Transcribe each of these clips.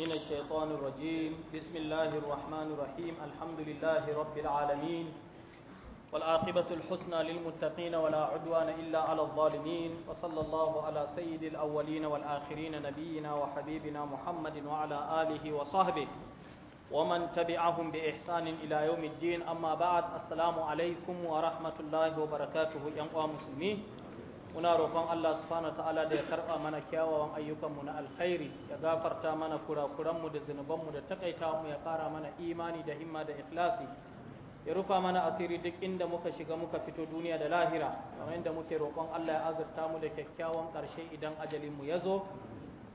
من الشيطان الرجيم بسم الله الرحمن الرحيم الحمد لله رب العالمين والعاقبة الحسنى للمتقين ولا عدوان إلا على الظالمين وصلى الله على سيد الأولين والآخرين نبينا وحبيبنا محمد وعلى آله وصحبه ومن تبعهم بإحسان إلى يوم الدين أما بعد السلام عليكم ورحمة الله وبركاته يا مسلمين muna roƙon Allah subhanahu ta'ala da ya karɓa mana kyawawan ayyukanmu na alkhairi ya gafarta mana kurakuranmu da zunubanmu da takaita mu ya ƙara mana imani da himma da ikhlasi ya rufa mana asiri duk inda muka shiga muka fito duniya da lahira kamar inda muke roƙon Allah ya azurta mu da kyakkyawan ƙarshe idan ajalin mu ya zo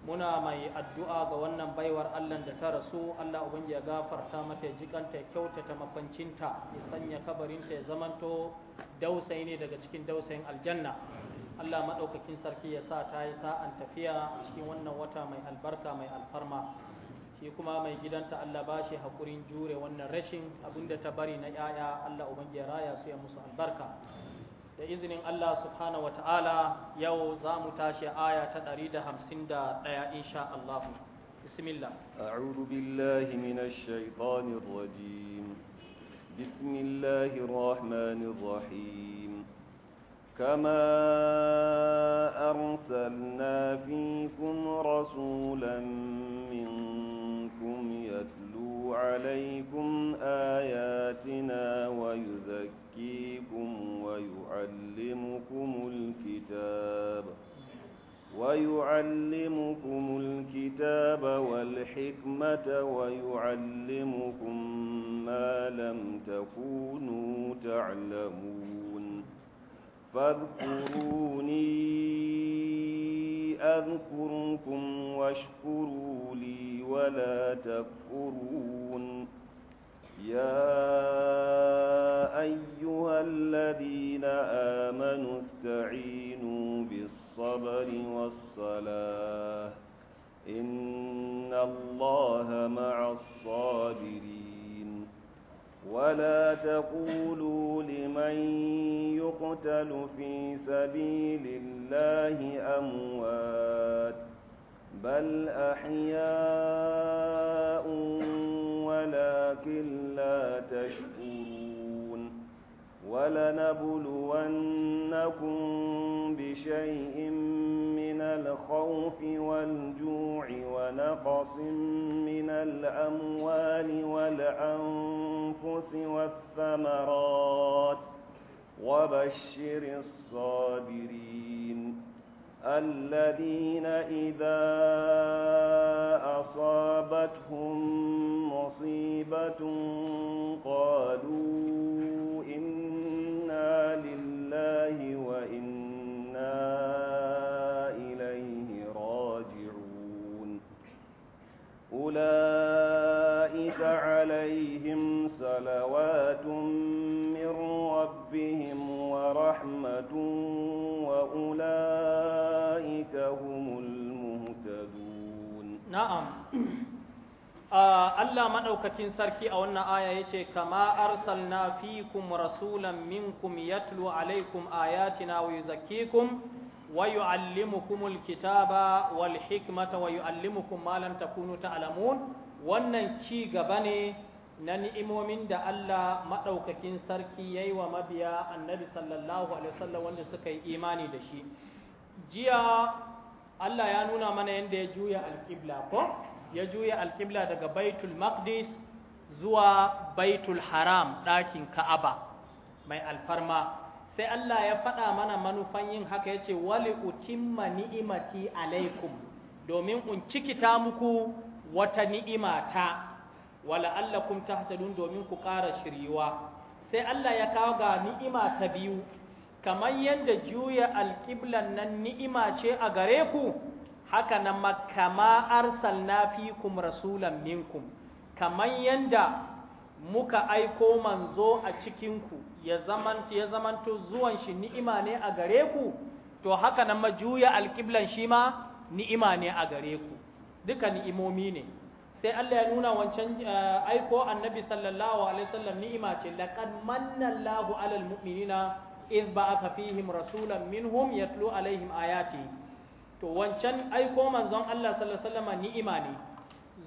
muna mai addu'a ga wannan baiwar Allah da ta rasu Allah ubangi ya gafarta mata ya jikanta ya kyautata mafancinta ya sanya kabarinta ya zamanto dausayi ne daga cikin dausayin aljanna Allah maɗaukakin sarki ya sa ta yi sa'an tafiya cikin wannan wata mai albarka mai alfarma shi kuma mai gidanta Allah ba shi haƙurin jure wannan rashin abinda ta bari na ‘ya'ya Allah ubangiya raya su ya musu albarka da izinin Allah subhanahu wa ta'ala yau za mu tashi aya ta ɗari da hamsin da ɗaya insha Allah bismillah a'udhu billahi minash shaitanir كما أرسلنا فيكم رسولا منكم يتلو عليكم آياتنا ويزكيكم ويعلمكم الكتاب ويعلمكم الكتاب والحكمة ويعلمكم ما لم تكونوا تعلمون فاذكروني أذكركم واشكروا لي ولا تكفرون يا أيها الذين آمنوا استعينوا بالصبر والصلاة إن الله مع الصابرين ولا تقولوا لمن يقتل في سبيل الله أموات بل أحياء ولكن لا تشكرون ولنبلونكم بشيء من الخوف والجوع ونقص من الأموال والأنفس والثمرات وبشر الصابرين الذين إذا أصابتهم مصيبة قالوا عليهم صلوات من ربهم ورحمة وأولئك هم المهتدون نعم Allah maɗaukakin sarki a wannan aya ya ce, Kama arsalna fikum rasulan minkum yatlu alaikum ayatina wa yuzakkikum ويعلمكم الكتاب والحكمة ويعلمكم ما لم تكونوا تعلمون wannan ci gaba ne na ni'imomin da Allah maɗaukakin sarki ya yi wa mabiya annabi sallallahu alaihi wasallam wanda suka yi imani da shi jiya Allah ya nuna mana yadda ya juya alkibla ko ya juya alkibla daga baitul maqdis zuwa baitul haram ɗakin ka'aba mai alfarma sai Allah ya faɗa mana manufan yin haka yace wali utimma ni'imati alaikum domin in cikita muku wata ni'ima ta wala allakum tahtadun domin ku ƙara shiriwa sai Allah ya kawo ga ni'ima ta biyu kamar yadda juya alƙiblan nan ni'ima ce a gare ku haka nan ma kama arsalna fikum rasulan minkum kamar yadda muka aiko manzo a cikinku ya zamanto ya zamanto zuwan shi ni'ima ne a gare ku to haka nan majuya alqiblan shi ma ni'ima ne a gare ku duka ni'imomi ne sai Allah ya nuna wancan eh, aiko annabi sallallahu alaihi wasallam ni'ima ce laqad manna Allahu alal mu'minina idh ba'atha fihim rasulan minhum yatlu alaihim ayati to wancan aiko manzon Allah sallallahu alaihi wasallam ni'ima ne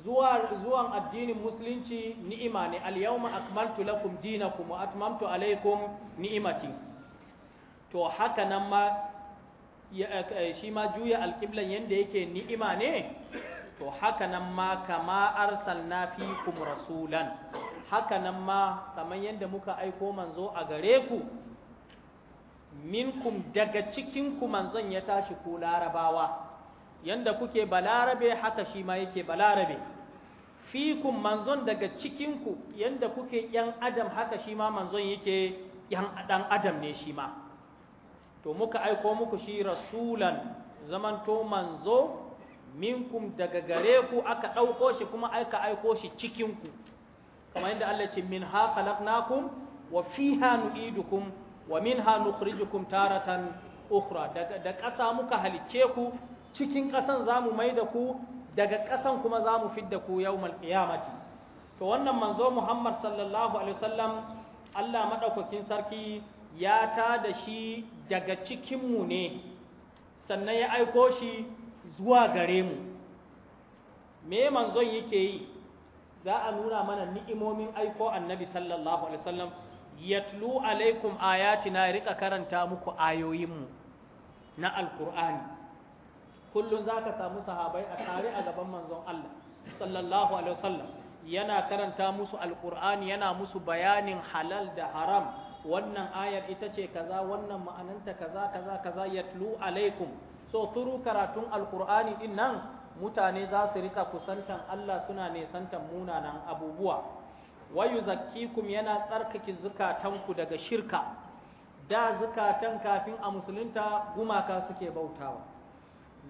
zuwan addinin musulunci ni'ima ne al-yawma akmaltu lakum dinakum wa atmamtu alaykum ni'imati to haka nan ma eh, eh, shi ma juya alƙiblan yanda yake ni'ima ne to haka nan ma kama arsalna fiikum rasulan haka nan ma kaman yanda muka aiko manzo a gare ku minkum daga cikin ku manzon ya tashi ku larabawa yanda kuke balarabe haka shi ma yake balarabe fikun manzon daga cikinku yanda kuke ‘yan adam haka shi ma manzon yake ‘yan ɗan adam ne shi ma to muka aiko muku shi rasulan zamanto manzo minkum daga gare ku aka ɗauko shi kuma aika aiko shi cikinku kamar yadda Allah ce min ha khalaqnakum wa fiha nu'idukum wa minha nukhrijukum taratan ukhra daga da ƙasa muka halicce ku cikin ƙasan zamu maida ku daga ƙasan kuma za mu fidda ku yau qiyamati to wannan manzo Muhammad sallallahu alaihi wasallam Allah maɗaukakin sarki ya ta da shi daga cikin mu ne sannan ya aiko shi zuwa gare mu me manzon yake yi za a nuna mana ni'imomin aiko annabi sallallahu alaihi wasallam yatlu alaikum ayatina ya rika karanta muku ayoyinmu na Alkur'ani. kullum za ka samu sahabai a tare a gaban manzon Allah sallallahu alaihi wasallam yana karanta musu alqur'ani yana musu bayanin halal da haram wannan ayar ita ce kaza wannan ma'ananta kaza kaza kaza yatlu alaikum so turu karatun alqur'ani din nan mutane za su rika kusantan Allah suna ne santan munanan abubuwa wayu zakkikum yana tsarkake zukatanku daga shirka da zukatan kafin a musulunta gumaka suke bautawa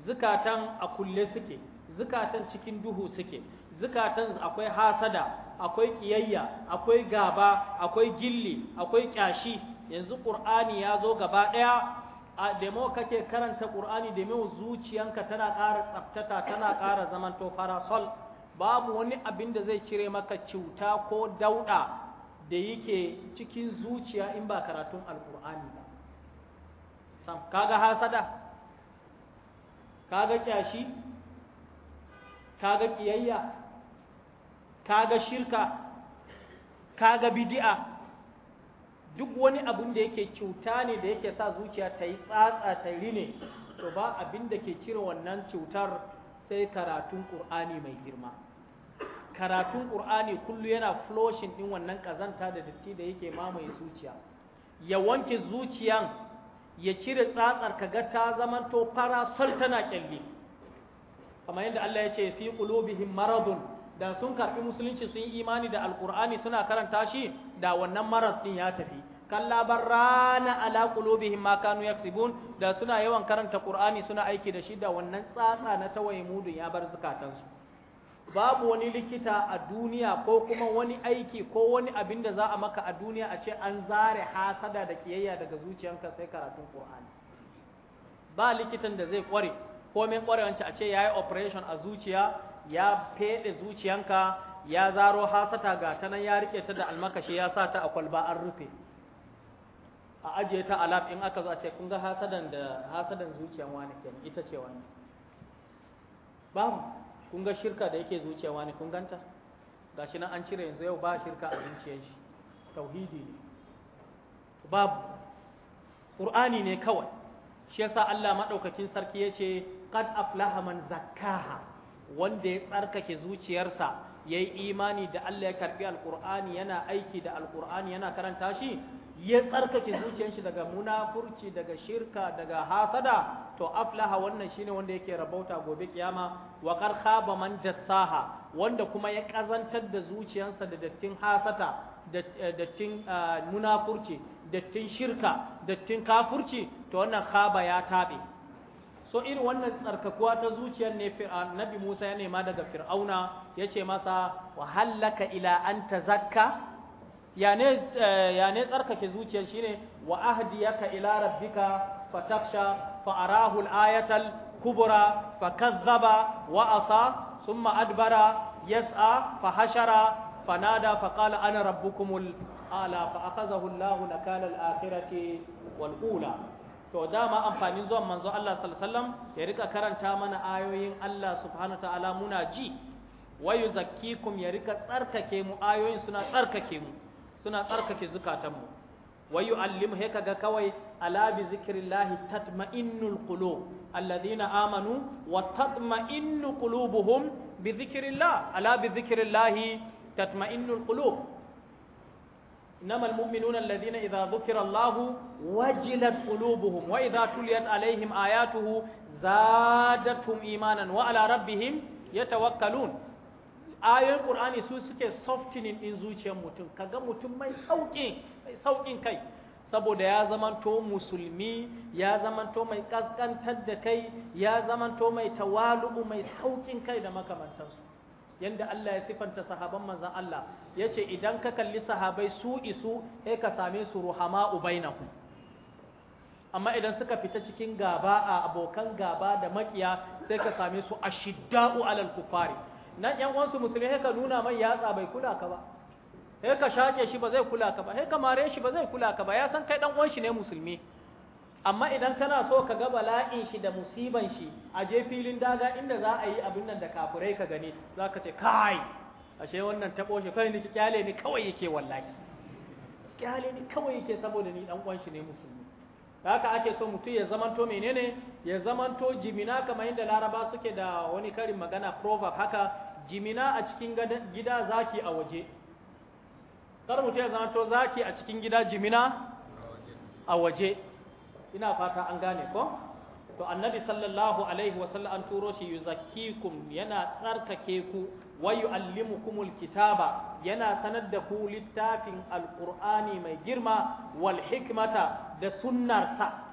zukatan a kulle suke zukatan cikin duhu suke zukatan akwai hasada akwai kiyayya akwai gaba akwai gilli akwai kyashi yanzu qur'ani ya zo gaba daya a demo kake karanta qur'ani demo zuciyanka tana ƙara tsaftata tana ƙara zaman to farasol babu wani abin da zai cire maka cuta ko dauda da yake cikin zuciya in ba karatun alqur'ani ba sam kaga hasada kaga kyashi kaga kiyayya kaga shirka kaga bidi'a, duk wani abun da yake cuta ne da yake sa zuciya ta yi tsatsa ta yi rine to ba abin da ke cire wannan cutar sai karatun ƙur'ani mai girma karatun ƙur'ani kullu yana floshin ɗin wannan ƙazanta da datti da yake mamaye zuciya ya wanke zuciyan ya cire tsatsar kaga ta zamanto fara sultana tana kyalli kamar yadda Allah ya ce fi qulubihim maradun da sun karbi musulunci sun yi imani da alqur'ani suna karanta shi da wannan marad din ya tafi kalla barrana ala qulubihim ma kanu yaksibun da suna yawan karanta qur'ani suna aiki da shi da wannan tsatsa na tawaye mudun ya bar zukatansu babu wani likita a duniya ko kuma wani aiki ko wani abin da za a maka a duniya a ce an zare hasada da kiyayya daga zuciyanka sai karatun Qur'ani ba likitan da zai kware komai kwarewanci a ce yayi operation a zuciya ya fede zuciyanka ya zaro hasata ga ta nan ya rike ta da almakashi ya sa ta a kwalba an rufe a ajiye ta a lab in aka zo a ce kun ga hasadan da hasadan zuciyan wani kenan ita ce wani babu Kunga shirka da yake zuciyawa ne kun ganta gashi nan an cire yanzu yau ba shirka a zuciyar shi tauhidi ne babu qur'ani ne kawai shi yasa Allah madaukakin sarki yace qad aflaha man zakkaha wanda ya tsarkake zuciyarsa yayi imani da Allah ya karɓi alqur'ani yana aiki da alqur'ani yana karanta shi ya tsarkake zuciyar shi daga munafurci daga shirka daga hasada to aflaha wannan shine wanda yake rabauta gobe kiyama wa qad man dassaha wanda kuma ya kazantar da zuciyarsa da dattin hasata eh, dattin eh, munafurci dattin shirka dattin kafurci to wannan khaba ya tabe so irin wannan tsarkakuwa ta zuciyar ne eh, Nabi Musa ya nema daga Fir'auna yace masa wa hallaka ila zakka? zakka yane eh, tsarkake zuciyar shine wa ahdiyaka ila rabbika fatakhsha fa arahu kubura ayatal kubra fakazzaba wa'asa asa adbara yas'a fa fanada fa qala ana rabbukumul ala fa akhadhahu Allahu nakala al-akhirati wal ula to dama amfanin zuwan manzo Allah sallallahu alaihi wasallam ya rika karanta mana ayoyin Allah subhanahu wa ta'ala muna ji wa yuzakkikum ya rika tsarkake mu ayoyin suna tsarkake mu suna tsarkake zukatanmu wa yu'allimu he kaga kawai ala bi zikrillahi tatma'innul qulub alladhina amanu wa tatma'innu qulubuhum bi zikrillah ala bi zikrillahi tatma'innul qulub إنما المؤمنون الذين إذا ذكر الله وجلت قلوبهم وإذا تليت عليهم آياته زادتهم إيمانا وعلى ربهم يتوكلون ayoyin qur'ani su suke softening din zuciyar mutum kaga mutum mai sauƙin mai sauƙin kai saboda ya zamanto musulmi ya zamanto mai kaskantar da kai ya zamanto mai tawalu'u mai sauƙin kai da makamantansu yanda Allah ya sifanta sahaban manzan Allah ya ce idan ka kalli sahabai su isu sai ka same su ruhama ubainahu amma idan suka fita cikin gaba a abokan gaba da makiya sai ka same su ashidda'u alal kufari nan ƴan uwansu musulmi haka nuna mai yatsa bai kula ka ba sai ka shaƙe shi ba zai kula ka ba sai ka mare shi ba zai kula ka ba ya san kai ɗan uwan ne musulmi amma idan kana so ka ga bala'in shi da musiban shi a je filin daga inda za a yi abin nan da kafurai ka gani za ka ce kai ashe wannan taɓo shi kai ni kyale ni kawai yake wallahi kyale ni kawai yake saboda ni ɗan uwanshi ne musulmi haka ake so mutum ya zamanto menene ya zamanto jimina kamar yadda laraba suke da wani karin magana proverb haka jimina a cikin gida zaki a waje kar mu ce zanto zaki a cikin gida jimina a waje ina fata an gane ko to annabi sallallahu alaihi wa sallam an turo shi yuzakkikum yana tsarkake ku wa yuallimukumul kitaba yana sanar da ku littafin alqur'ani mai girma wal hikmata da sunnarsa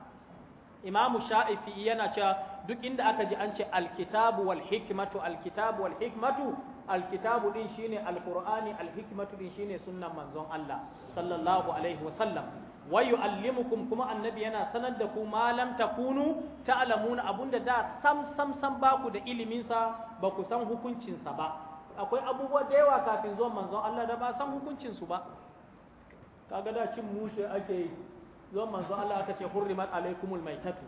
imamu sha'ifi yana cewa duk inda aka ji an ce alkitabu wal hikmatu alkitabu wal hikmatu alkitabu din shine alqur'ani alhikmatu din shine sunnan manzon Allah sallallahu alaihi wa sallam wa yu'allimukum kuma annabi yana sanar da ku ma lam takunu ta'lamuna abunda da sam sam sam ba ku da ilimin sa ba ku san hukuncin sa ba akwai abubuwa da yawa kafin zuwan manzon Allah da ba san hukuncin su ba kaga da cin mushe ake zuwan manzo Allah aka ce hurrimat alaikumul maitatu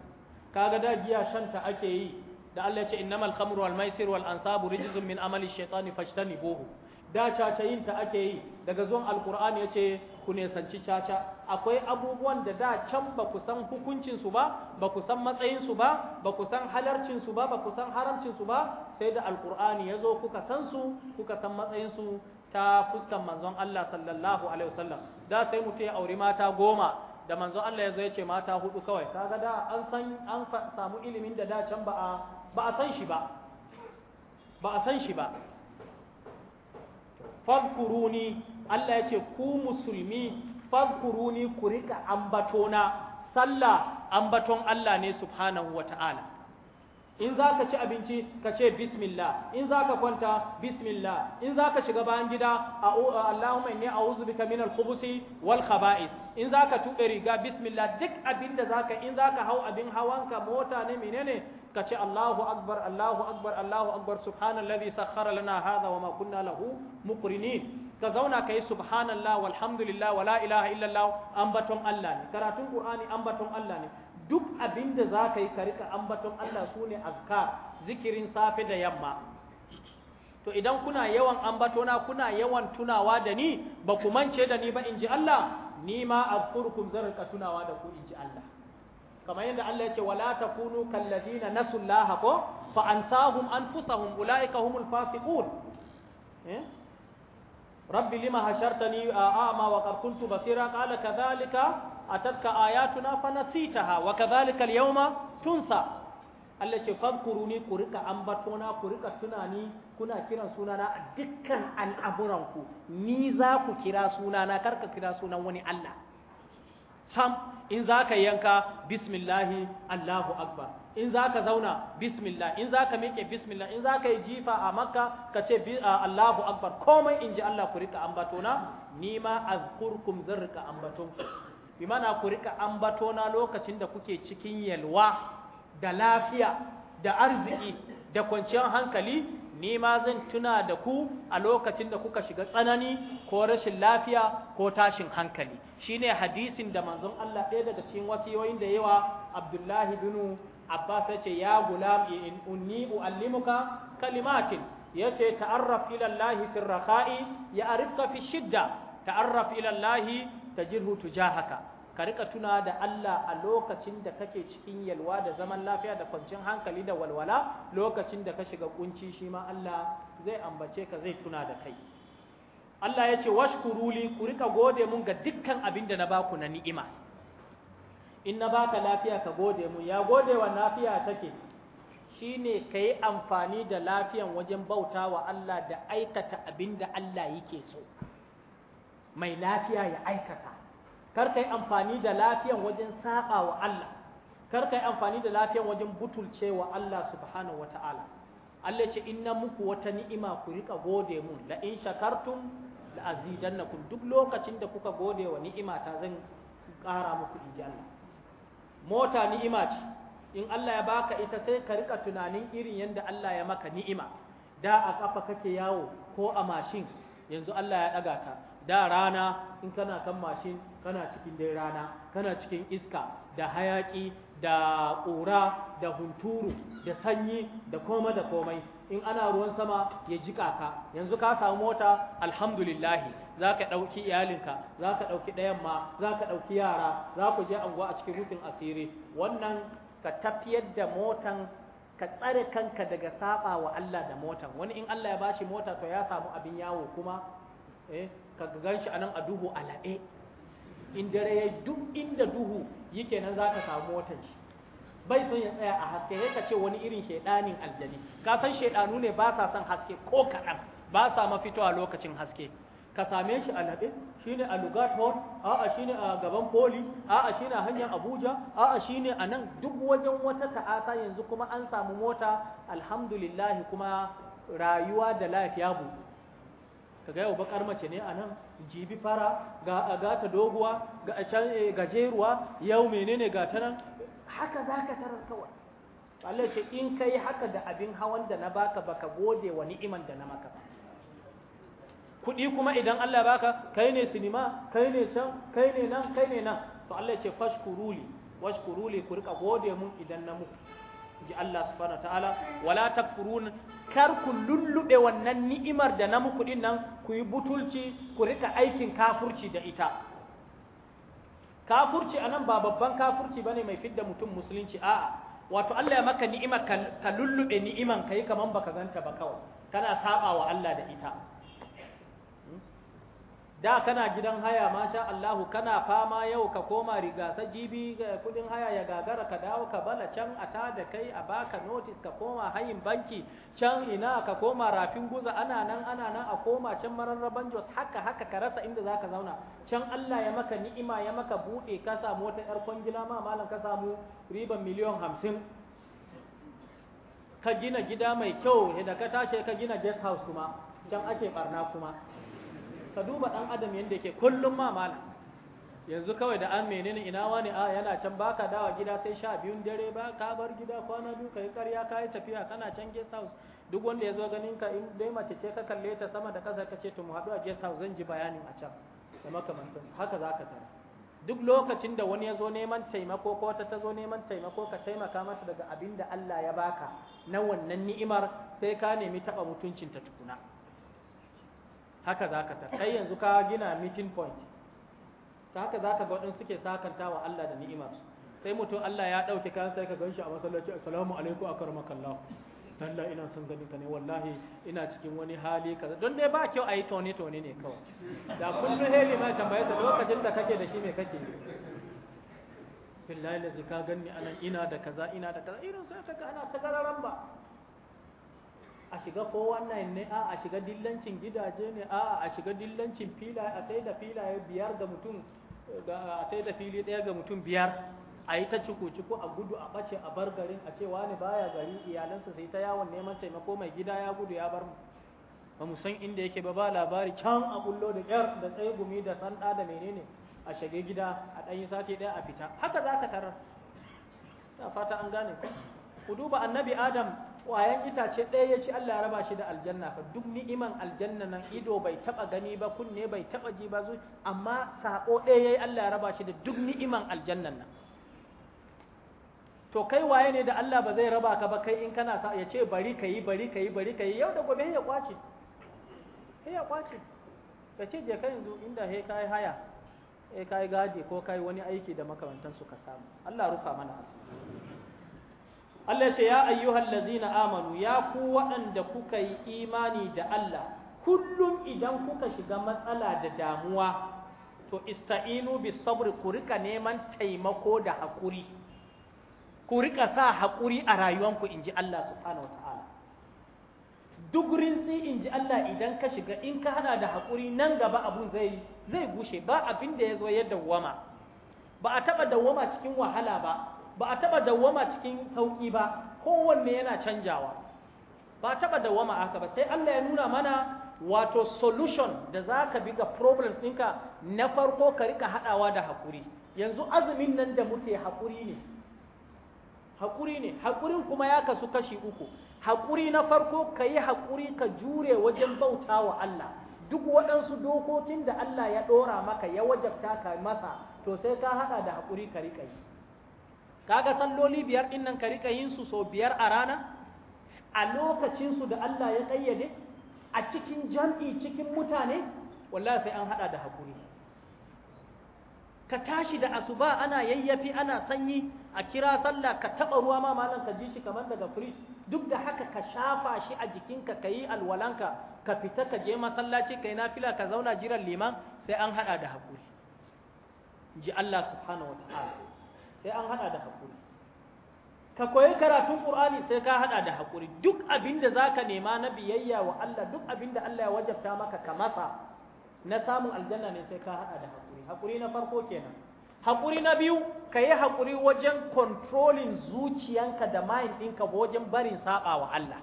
kaga da giya shanta ake yi da Allah ya ce innamal khamru wal maisir wal ansabu rijzun min amali shaytani fajtanibuhu da caca yin ta ake yi daga zuwan alqur'ani yace ku ne sanci caca akwai abubuwan da da can ba ku san hukuncin su ba ba ku san matsayin su ba ba ku san halarcin su ba ba ku san haramcin su ba sai da alqur'ani yazo kuka san su kuka san matsayin su ta fuskan manzon Allah sallallahu alaihi wasallam da sai mutum ya aure mata goma da manzo Allah ya zo ya ce mata hudu kawai kaga da an san an samu ilimin da da can ba a ba a san shi ba ba a san shi ba fadkuruni Allah ya ce ku musulmi fadkuruni ku rika ambatona sallah ambaton Allah ne subhanahu wata'ala in za ka ci abinci ka ce bismillah in za ka kwanta bismillah in za ka shiga bayan gida Allahumma inni a'udhu bika min al-khubusi wal khaba'is in za ka tuɓe riga bismillah duk abin da za ka in za ka hau abin hawanka mota ne menene ka ce Allahu akbar Allahu akbar Allahu akbar subhanallazi sakhkhara lana hadha wa ma kunna lahu muqrinin ka zauna ka yi subhanallah walhamdulillah wala ilaha illallah ambaton Allah ne karatun Qur'ani ambaton Allah ne duk abin da za ka yi ka rika ambaton Allah su ne azkar zikirin safe da yamma to idan kuna yawan ambatona kuna yawan tunawa da ni ba ku mance da ni ba in ji Allah ni ma azkurkum zan rika tunawa da ku in ji Allah kamar yadda Allah ya ce wala takunu kalladina nasullaha ko fa ansahum anfusahum ulaika humul fasiqun eh rabbi lima hashartani a'ama wa qad kuntu basira qala kadhalika atatka ayatuna fa nasitaha wa kadhalika al-yawma tunsa Allah ce fadkuruni ku rika ambatona ku rika tunani kuna kiran sunana a dukkan al'amuranku ni za ku kira sunana karka kira sunan wani Allah sam in za ka yanka bismillahi Allahu akbar in za ka zauna bismillah in za ka miƙe bismillah in za ka yi jifa a makka ka ce Allahu akbar komai in ji Allah ku rika ambatona ni ma azkurkum zan rika ambatonku bi mana ku rika ambato na lokacin da kuke cikin yalwa da lafiya da arziki da kwanciyar hankali ni ma zan tuna da ku a lokacin da kuka shiga tsanani ko rashin lafiya ko tashin hankali shine hadisin da manzon Allah ɗaya daga cikin wasiyoyin da yawa Abdullahi bin Abbas ya ya gulam in unni uallimuka kalimatin yace ta'arraf ila Allah fi rakha'i ya'rifka fi shidda ta'arraf ila Allah tajirhu tujahaka ka rika tuna da Allah a lokacin da kake cikin yalwa da zaman lafiya da kwanciyar hankali da walwala lokacin da ka shiga kunci shi ma Allah zai ambace ka zai tuna da kai Allah ya ce washkuruli ku rika gode mun ga dukkan abin da na ku na ni'ima in na baka lafiya ka gode mun ya gode wa lafiya take shine ka yi amfani da lafiyan wajen bauta wa Allah da aikata abin da Allah yake so mai lafiya ya aikata kar yi amfani da lafiyan wajen saƙa wa Allah kar yi amfani da lafiyan wajen butulce wa Allah subhanahu ta'ala Allah ce inna muku wata ni'ima ku rika gode mun la in shakartum la azidannakum duk lokacin da kuka gode wa ni'ima ta zan ƙara muku inji Allah mota ni'ima ce in Allah ya baka ita sai ka rika tunanin irin yadda Allah ya maka ni'ima da a kafa kake yawo ko a mashin yanzu Allah ya ɗaga ta da rana in kana kan mashin kana cikin dai rana kana cikin iska da hayaki da ƙura da hunturu da sanyi da koma da komai in ana ruwan sama ya jika ka yanzu ka samu mota alhamdulillahi za ka ɗauki iyalinka za ka ɗauki ɗayan ma za ka ɗauki yara za ku je anguwa a cikin rufin asiri wannan ka tafiyar da motan ka tsare kanka daga saba wa Allah da motan wani in Allah ya bashi mota to ya samu abin yawo kuma eh ka gan shi a nan a duhu a laɓe in dare ya duk inda duhu yake nan za ka samu watan shi bai son ya tsaya a haske ya ka ce wani irin shaidanin aljani ka san shaidanu ne ba sa son haske ko kaɗan ba sa mafitowa lokacin haske ka same shi a laɓe ne a lugat hall a'a ne a gaban poli a'a ne a hanyar abuja a'a ne a nan duk wajen wata ta'asa yanzu kuma an samu mota alhamdulillahi kuma rayuwa da lafiya mu ka ga yau bakar mace ne anan, jibi fara ga gata doguwa ga a can eh, gajeruwa yau menene ga nan haka za ka tarar kawai Allah ce in ka haka da abin hawan da na baka baka gode wa ni'iman da na maka kuɗi kuma idan Allah baka kai ne sinima kai ne can kai ne nan kai ne nan to Allah ce fashkuruli washkuruli ku rika gode mun idan na muku ji Allah subhanahu ta'ala wala takfurun kar ku lullube wannan ni'imar da na muku din nan ku yi butulci ku rika aikin kafurci da ita kafurci anan ba babban kafurci bane mai fidda mutum musulunci a'a wato Allah ya maka ni'ima ka lullube ni'iman kai kaman baka ganta ba kawai kana saba wa Allah da ita da kana gidan haya masha Allahu kana fama yau ka koma riga sa jibi eh, kudin haya ya gagara ka dawo ka bala can a ta da kai a baka notice ka koma hayin banki can ina ka koma rafin guza ana nan ana nan a koma can mararraban jos haka haka ka rasa inda zaka zauna can Allah ya maka ni'ima ya maka bude ka samu wata yar kwangila ma malam ka samu riban miliyan hamsin ka gina gida mai kyau da ka tashi ka gina guest house kuma can ake barna kuma ka duba ɗan adam yadda ke kullum ma mala yanzu kawai da an menene ina wani a yana can baka dawa gida sai sha biyun dare ba ka bar gida kwana biyu kai karya kai tafiya kana can guest house duk wanda ya zo ganin ka in dai mace ce ka kalle ta sama da ƙasa ka ce to mu haɗu a guest house zan ji bayanin a can da makamantan haka za ka tara duk lokacin da wani ya zo neman taimako ko wata ta zo neman taimako ka taimaka mata daga abin da Allah ya baka na wannan ni'imar sai ka nemi taɓa mutuncinta tukuna haka za ka tafi, kai yanzu ka gina meeting point ta haka za ka ga waɗansu suke sakanta wa Allah da ni'imar sai mutum Allah ya ɗauke kayan sai ka gan shi a masallaci assalamu alaikum a karama kallahu Allah ina son ganin ka ne wallahi ina cikin wani hali kaza don dai ba kyau a yi tone tone ne kawai da kullum heli ma tambaye sa lokacin da kake da shi me kake billahi lazi ka ganni anan ina da kaza ina da kaza irin sai ka ga ana gararan ba a shiga ko wannan ne a a shiga dillancin gidaje ne a a shiga dillancin filaye a sai da filaye biyar ga mutum a sai da fili ɗaya ga mutum biyar a yi ta cuku-cuku a gudu a ɓace a bar garin a ce wani baya gari iyalansa sai ta yawon neman taimako mai gida ya gudu ya bar mu ba mu san inda yake ba ba labari can a bullo da ƙyar da tsaye gumi da sanda da menene a shige gida a yi sati ɗaya a fita haka za ka tarar ta fata an gane ku duba annabi adam ƙwayan itace ɗaya ya ci Allah ya raba shi da aljanna fa duk ni'iman aljanna nan ido bai taɓa gani ba kunne bai taɓa ji ba zu amma sako ɗaya yayi Allah ya raba shi da duk ni'iman aljanna nan to kai waye ne da Allah ba zai raba ka ba kai in kana sa ya ce bari kai bari kai bari kai yau da gobe ya kwace sai ya kwace ka ce je kai yanzu inda he kai haya eh kai gaje ko kai wani aiki da makamantan su ka samu Allah rufa mana asiri Allah ce ya ayyuhal lazina amanu ya ku waɗanda kuka yi imani da Allah kullum idan kuka shiga matsala da damuwa to ista'inu bis sabr ku rika neman taimako da hakuri ku rika sa hakuri a rayuwanku ji Allah subhanahu wataala duk in ji Allah idan ka shiga in ka hana da hakuri nan gaba abun zai zai gushe ba abin da ya zo ya dawwama ba a taɓa dawwama cikin wahala ba ba a taɓa dawwama cikin sauƙi ba kowanne yana canjawa ba a taba dawwama aka ba sai Allah ya nuna mana wato solution da za ka bi ga problems ɗinka na farko ka rika haɗawa da haƙuri yanzu azumin nan da muke haƙuri ne haƙuri ne haƙurin kuma ya kasu kashi uku haƙuri na farko ka yi haƙuri ka jure wajen bauta wa Allah duk waɗansu dokokin da Allah ya ɗora maka ya wajabta ka masa to sai ka haɗa da haƙuri ka rika yi kaga salloli biyar din nan ka rika yin su so biyar a rana a lokacin su da Allah ya kayyade a cikin jam'i cikin mutane wallahi sai an hada da hakuri ka tashi da asuba ana yayyafi ana sanyi a kira sallah ka taba ruwa ma malam ka ji shi kamar daga fridge duk da haka ka shafa shi a jikinka ka alwalanka ka fita ka je masallaci kai nafila ka zauna jiran liman sai an hada da hakuri ji Allah subhanahu wa sai an hada da hakuri ka koyi karatun qur'ani sai ka hada da hakuri duk abinda zaka nema na biyayya wa Allah duk abinda Allah ya wajabta maka ka masa na samun aljanna ne sai ka hada da hakuri hakuri na farko kenan hakuri na biyu ka yi hakuri wajen controlling zuciyanka da mind ɗinka wajen barin saba wa Allah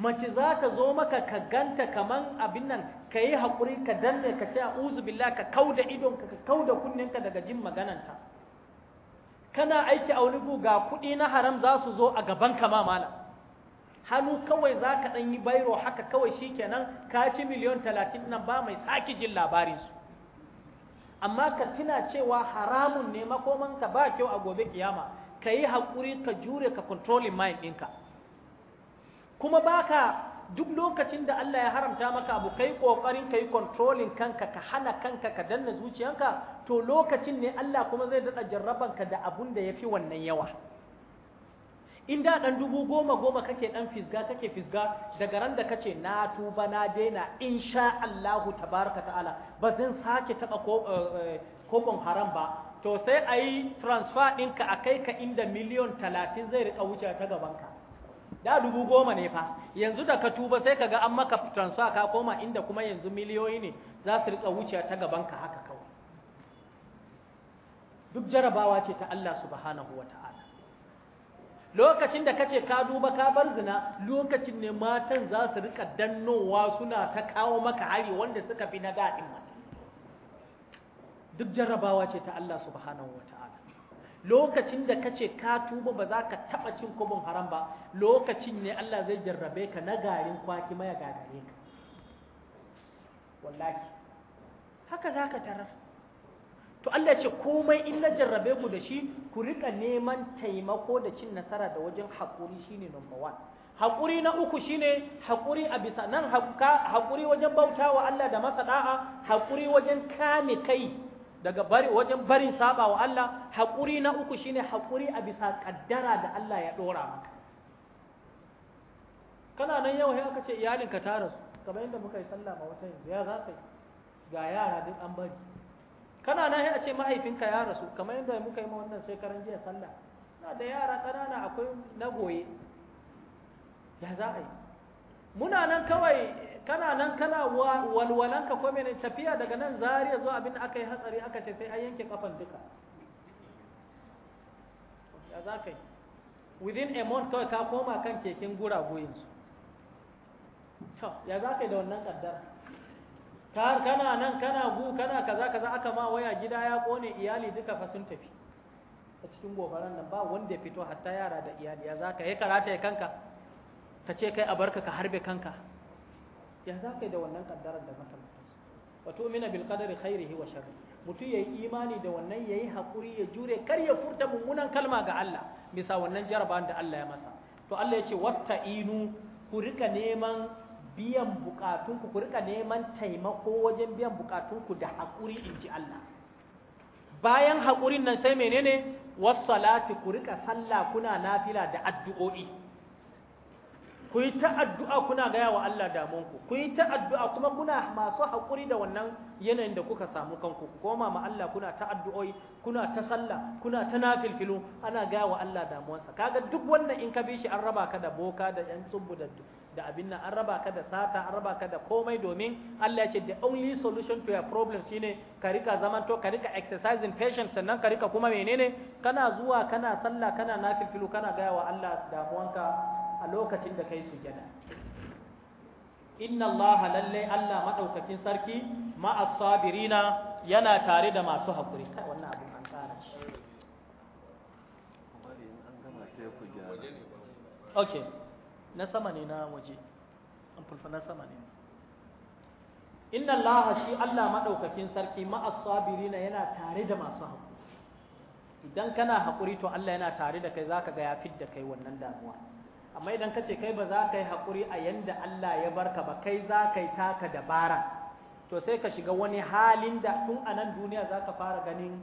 mace za ka zo maka ka ganta kaman abin nan ka yi haƙuri ka danne ka ce a billah ka da idonka ka kau kauda kunninka daga jin magananta kana aiki a wani ga kuɗi na haram za su zo a gaban ka ma hannu kawai za ka ɗan yi bairo haka kawai shi kenan ka ci miliyon talatin nan ba mai sake jin labarinsu amma ka tuna cewa haramun ne makomanka ba kyau a gobe kiyama ka yi haƙuri ka jure ka kontrolin mind ɗinka kuma baka duk lokacin da Allah ya haramta maka abu kai kokarin kai controlling kanka ka hana kanka ka danna zuciyanka to lokacin ne Allah kuma zai dada jarrabanka da abun da yafi wannan yawa in da dan dubu goma goma kake dan fisga kake fisga daga ran da kace na tuba na daina insha Allah tabaraka ta'ala ba zan sake taba ko eh, eh, kokon haram ba to sai ayi transfer ɗinka a kai ka inda miliyon talatin zai rika wuce ta gabanka da dubu goma ne fa yanzu da ka tuba sai ka ga an maka transfer ka koma inda kuma yanzu miliyoyi ne za su rika wuciya ta gaban ka haka kawai duk jarabawa ce ta Allah subhanahu wa ta'ala lokacin da kace ka duba ka bar zina lokacin ne matan za su rika dannowa suna ta kawo maka hari wanda suka fi na gadin mata duk jarabawa ce ta Allah subhanahu wa ta'ala lokacin da kace ka tuba ba za ka taba cin kubun haram ba lokacin ne Allah zai jarrabe ka na garin kwaki maya gagare ka wallahi haka za ka tarar to Allah ce komai in na jarrabe ku da shi ku rika neman taimako da cin nasara da wajen haƙuri shine number 1 haƙuri na uku shine haƙuri a bisa nan haƙuri wajen bautawa Allah da masa da'a haƙuri wajen kame kai daga bari wajen barin saba wa Allah haƙuri na uku shine haƙuri a bisa ƙaddara da Allah ya ɗora maka kana nan yau sai aka ce iyalinka ta rasu kamar yadda muka yi sallah ma wata yanzu ya za ka yi ga yara duk an bari kana nan sai a ce mahaifinka ya rasu kamar yadda muka yi ma wannan shekaran jiya sallah na da yara ƙanana akwai na goye ya za a yi muna nan kawai kana nan kana walwalanka ko tafiya daga nan zariya zuwa abin da aka yi hatsari aka ce sai an yanke kafan duka ya za ka yi within a month kawai ka koma kan keken guragu yanzu ya za ka yi da wannan kaddara ka kana nan kana gu kana kaza kaza aka ma waya gida ya kone iyali duka fa sun tafi a cikin gobaran nan ba wanda ya fito hatta yara da iyali ya za ka yi karata kanka ka ce kai a barka ka harbe kanka Yanzu za yi da wannan kaddarar da makamantar wa tu'mina bil qadari khairihi wa sharri mutum yayi imani da wannan yayi hakuri ya jure kar ya furta mummunan kalma ga Allah bisa wannan jarabawan da Allah ya masa to Allah ya ce wasta'inu ku rika neman biyan bukatunku ku rika neman taimako wajen biyan bukatunku da hakuri inji Allah bayan hakurin nan sai menene salati ku rika sallah kuna nafila da addu'o'i ku yi ta addu'a kuna gaya wa Allah damunku ku yi ta addu'a kuma kuna masu haƙuri da wannan yanayin da kuka samu kanku ku koma ma Allah kuna ta addu'oi kuna ta sallah kuna ta nafilfilu ana gaya wa Allah damuwarsa kaga duk wannan in ka bi shi an raba ka da boka da yan tsubu da abin nan an raba ka da sata an raba ka da komai domin Allah ya ce the only solution to your problem shine ka rika zamanto ka rika exercising patience sannan ka rika kuma menene kana zuwa kana sallah kana nafilfilu kana gaya wa Allah damuwanka a lokacin da kai sujada inna allaha lalle allah madaukakin sarki ma'as sabirina yana tare da masu haƙuri. kai wannan abin an tsara shi okay na sama ne na waje an fulfa na sama ne inna allaha shi allah madaukakin sarki ma'as sabirina yana tare da masu haƙuri. idan kana haƙuri to Allah yana tare da kai za ka ga ya da kai wannan damuwa amma idan ka ce kai ba za ka yi haƙuri a yanda Allah ya barka ba kai za ka yi taka dabara to sai ka shiga wani halin da tun a nan duniya za ka fara ganin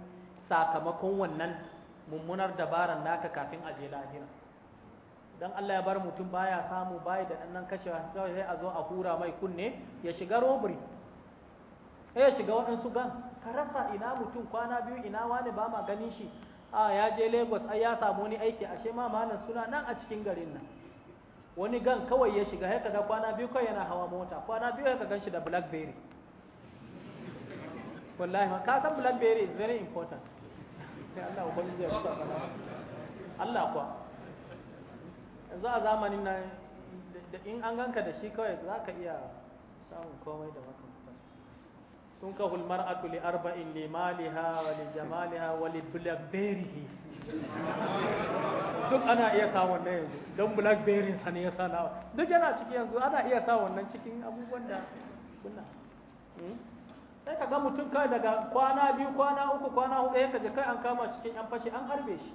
sakamakon wannan mummunar dabaran naka kafin a lahira Don Allah ya bar mutum baya samu bayi da nan kashe sai a zo a hura mai kunne ya shiga robri sai ya shiga waɗansu gan ka rasa ina mutum kwana biyu ina wani ba ma ganin shi a ya je Lagos ai ya samu wani aiki ashe ma malam suna nan a cikin garin nan wani gan kawai ya shiga haka ga kwana biyu kawai yana hawa mota kwana biyu haka gan shi da blackberry wallahi ma ka san blackberry is very important sai Allah ubangiji ya saka Allah kuwa yanzu a zamanin nan in an ganka da shi kawai za ka iya samun komai da maka sun kahul mar'atu li arba'in limaliha maliha wa li jamaliha wa li blackberry duk ana iya sa wannan yanzu don blackberry sa ne ya sa nawa duk yana ciki yanzu ana iya sa wannan cikin abubuwan da kuna hmm? sai ka ga mutum kai daga kwana biyu kwana uku kwana huɗu yanka je kai an kama cikin yan fashi an harbe shi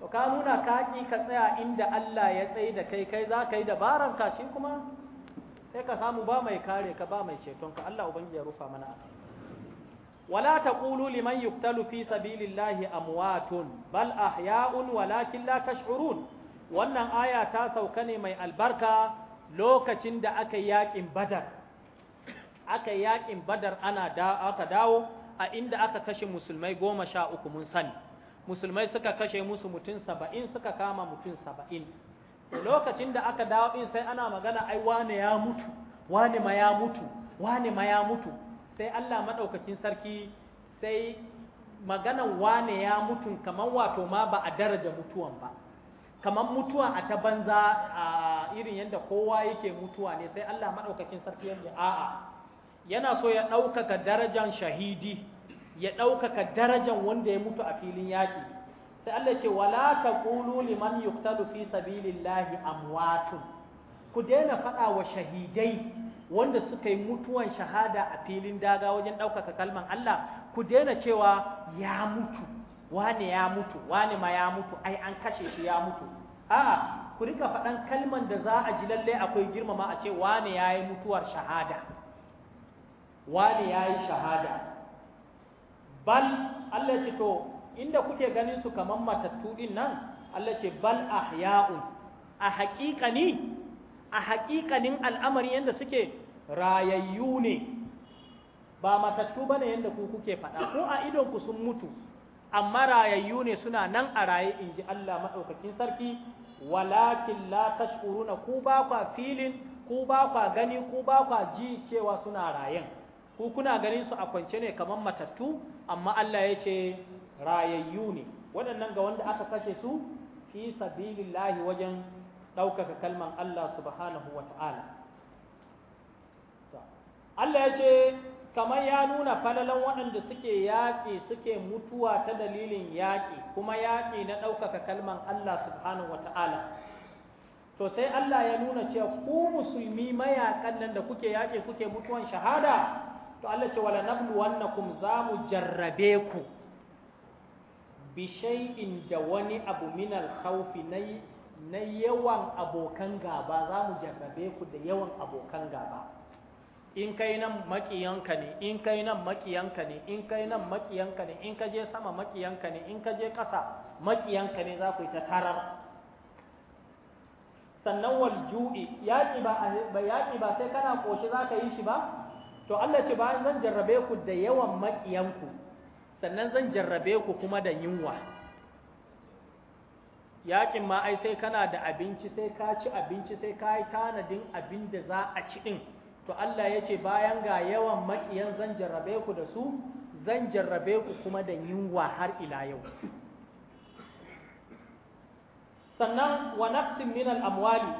to ka nuna ka ki ka tsaya inda Allah ya tsaye da kai kai za ka yi dabaran ka shi kuma sai ka samu ba mai kare ka ba mai ceton ka Allah ubangiji ya rufa mana asiri wala taqulu liman yuqtalu fi sabilillahi amwatun bal ahya'un walakin la tash'urun wannan aya ta sauka ne mai albarka lokacin da aka yaƙin badar aka yaƙin badar ana da aka dawo a inda aka kashe musulmai goma sha uku sani musulmai suka kashe musu mutum saba'in suka kama mutum saba'in lokacin da aka dawo in sai ana magana ai wane ya mutu wane ma ya mutu wane ma ya mutu sai Allah maɗaukacin sarki sai maganan wane ya mutu kamar wato ma ba a daraja mutuwan ba kamar mutuwa a ta banza a irin yadda kowa yake mutuwa ne sai Allah maɗaukacin sarki yadda a'a yana so ya ɗaukaka darajan shahidi ya ɗaukaka darajan wanda ya mutu a filin yaƙi sai Allah ce wala ka ƙulu liman yuktalu fi sabilillahi amwatun ku daina faɗa wa shahidai wanda suka yi mutuwan shahada a filin daga wajen ɗaukaka kalman Allah ku daina cewa ya mutu wane ya mutu wane ma ya mutu ai an kashe shi ya mutu a'a ku rika faɗan kalman da za a ji lalle akwai girmama a ce wane ya yi mutuwar shahada wane ya yi shahada bal Allah ce to inda kuke ganin su kamar matattu din nan Allah ce bal ahya'un a haƙiƙa ni a haƙiƙanin al'amari yadda suke rayayyu ne ba matattu ba ne yadda ku kuke faɗa ko a idonku sun mutu amma rayayyu ne suna nan a raye in ji Allah maɗaukakin sarki walakin la tashkuruna ku ba kwa filin ku ba kwa gani ku ba kwa ji cewa suna rayen ku kuna ganin su a kwance ne kamar matattu amma Allah ya ce rayayyu ne waɗannan ga wanda aka kashe su fi sabilillahi wajen ɗaukaka kalman Allah subhanahu wa ta'ala Allah ya ce kamar ya nuna falalan waɗanda suke yaƙi suke mutuwa ta dalilin yaƙi kuma yaƙi na ɗaukaka kalman Allah subhanahu wa ta'ala to sai Allah ya nuna cewa ku musulmi mayaƙan nan da kuke yaƙi kuke mutuwan shahada to Allah ce wala nablu wannakum za mu jarrabe ku bi shay'in da wani abu min al-khawfi na yawan abokan gaba za mu jarrabe ku da yawan abokan gaba in kai nan makiyanka ne in kai nan makiyanka ne in kai nan makiyanka ne in ka je sama makiyanka ne in ka je ƙasa makiyanka ne za ku yi ta tarar sannan wal ju'i yaƙi ba yaƙi ba sai kana ƙoshi za ka yi shi ba to Allah ce bayan zan jarrabe ku da yawan makiyanku sannan zan jarrabe ku kuma da yunwa yakin ma ai sai kana da abinci sai ka ci abinci sai ka yi tanadin abin da za a ci ɗin to Allah ya ce bayan ga yawan maƙiyan zan jarrabe ku da su zan jarrabe ku kuma da yunwa har ila yau sannan wa nafsin min amwali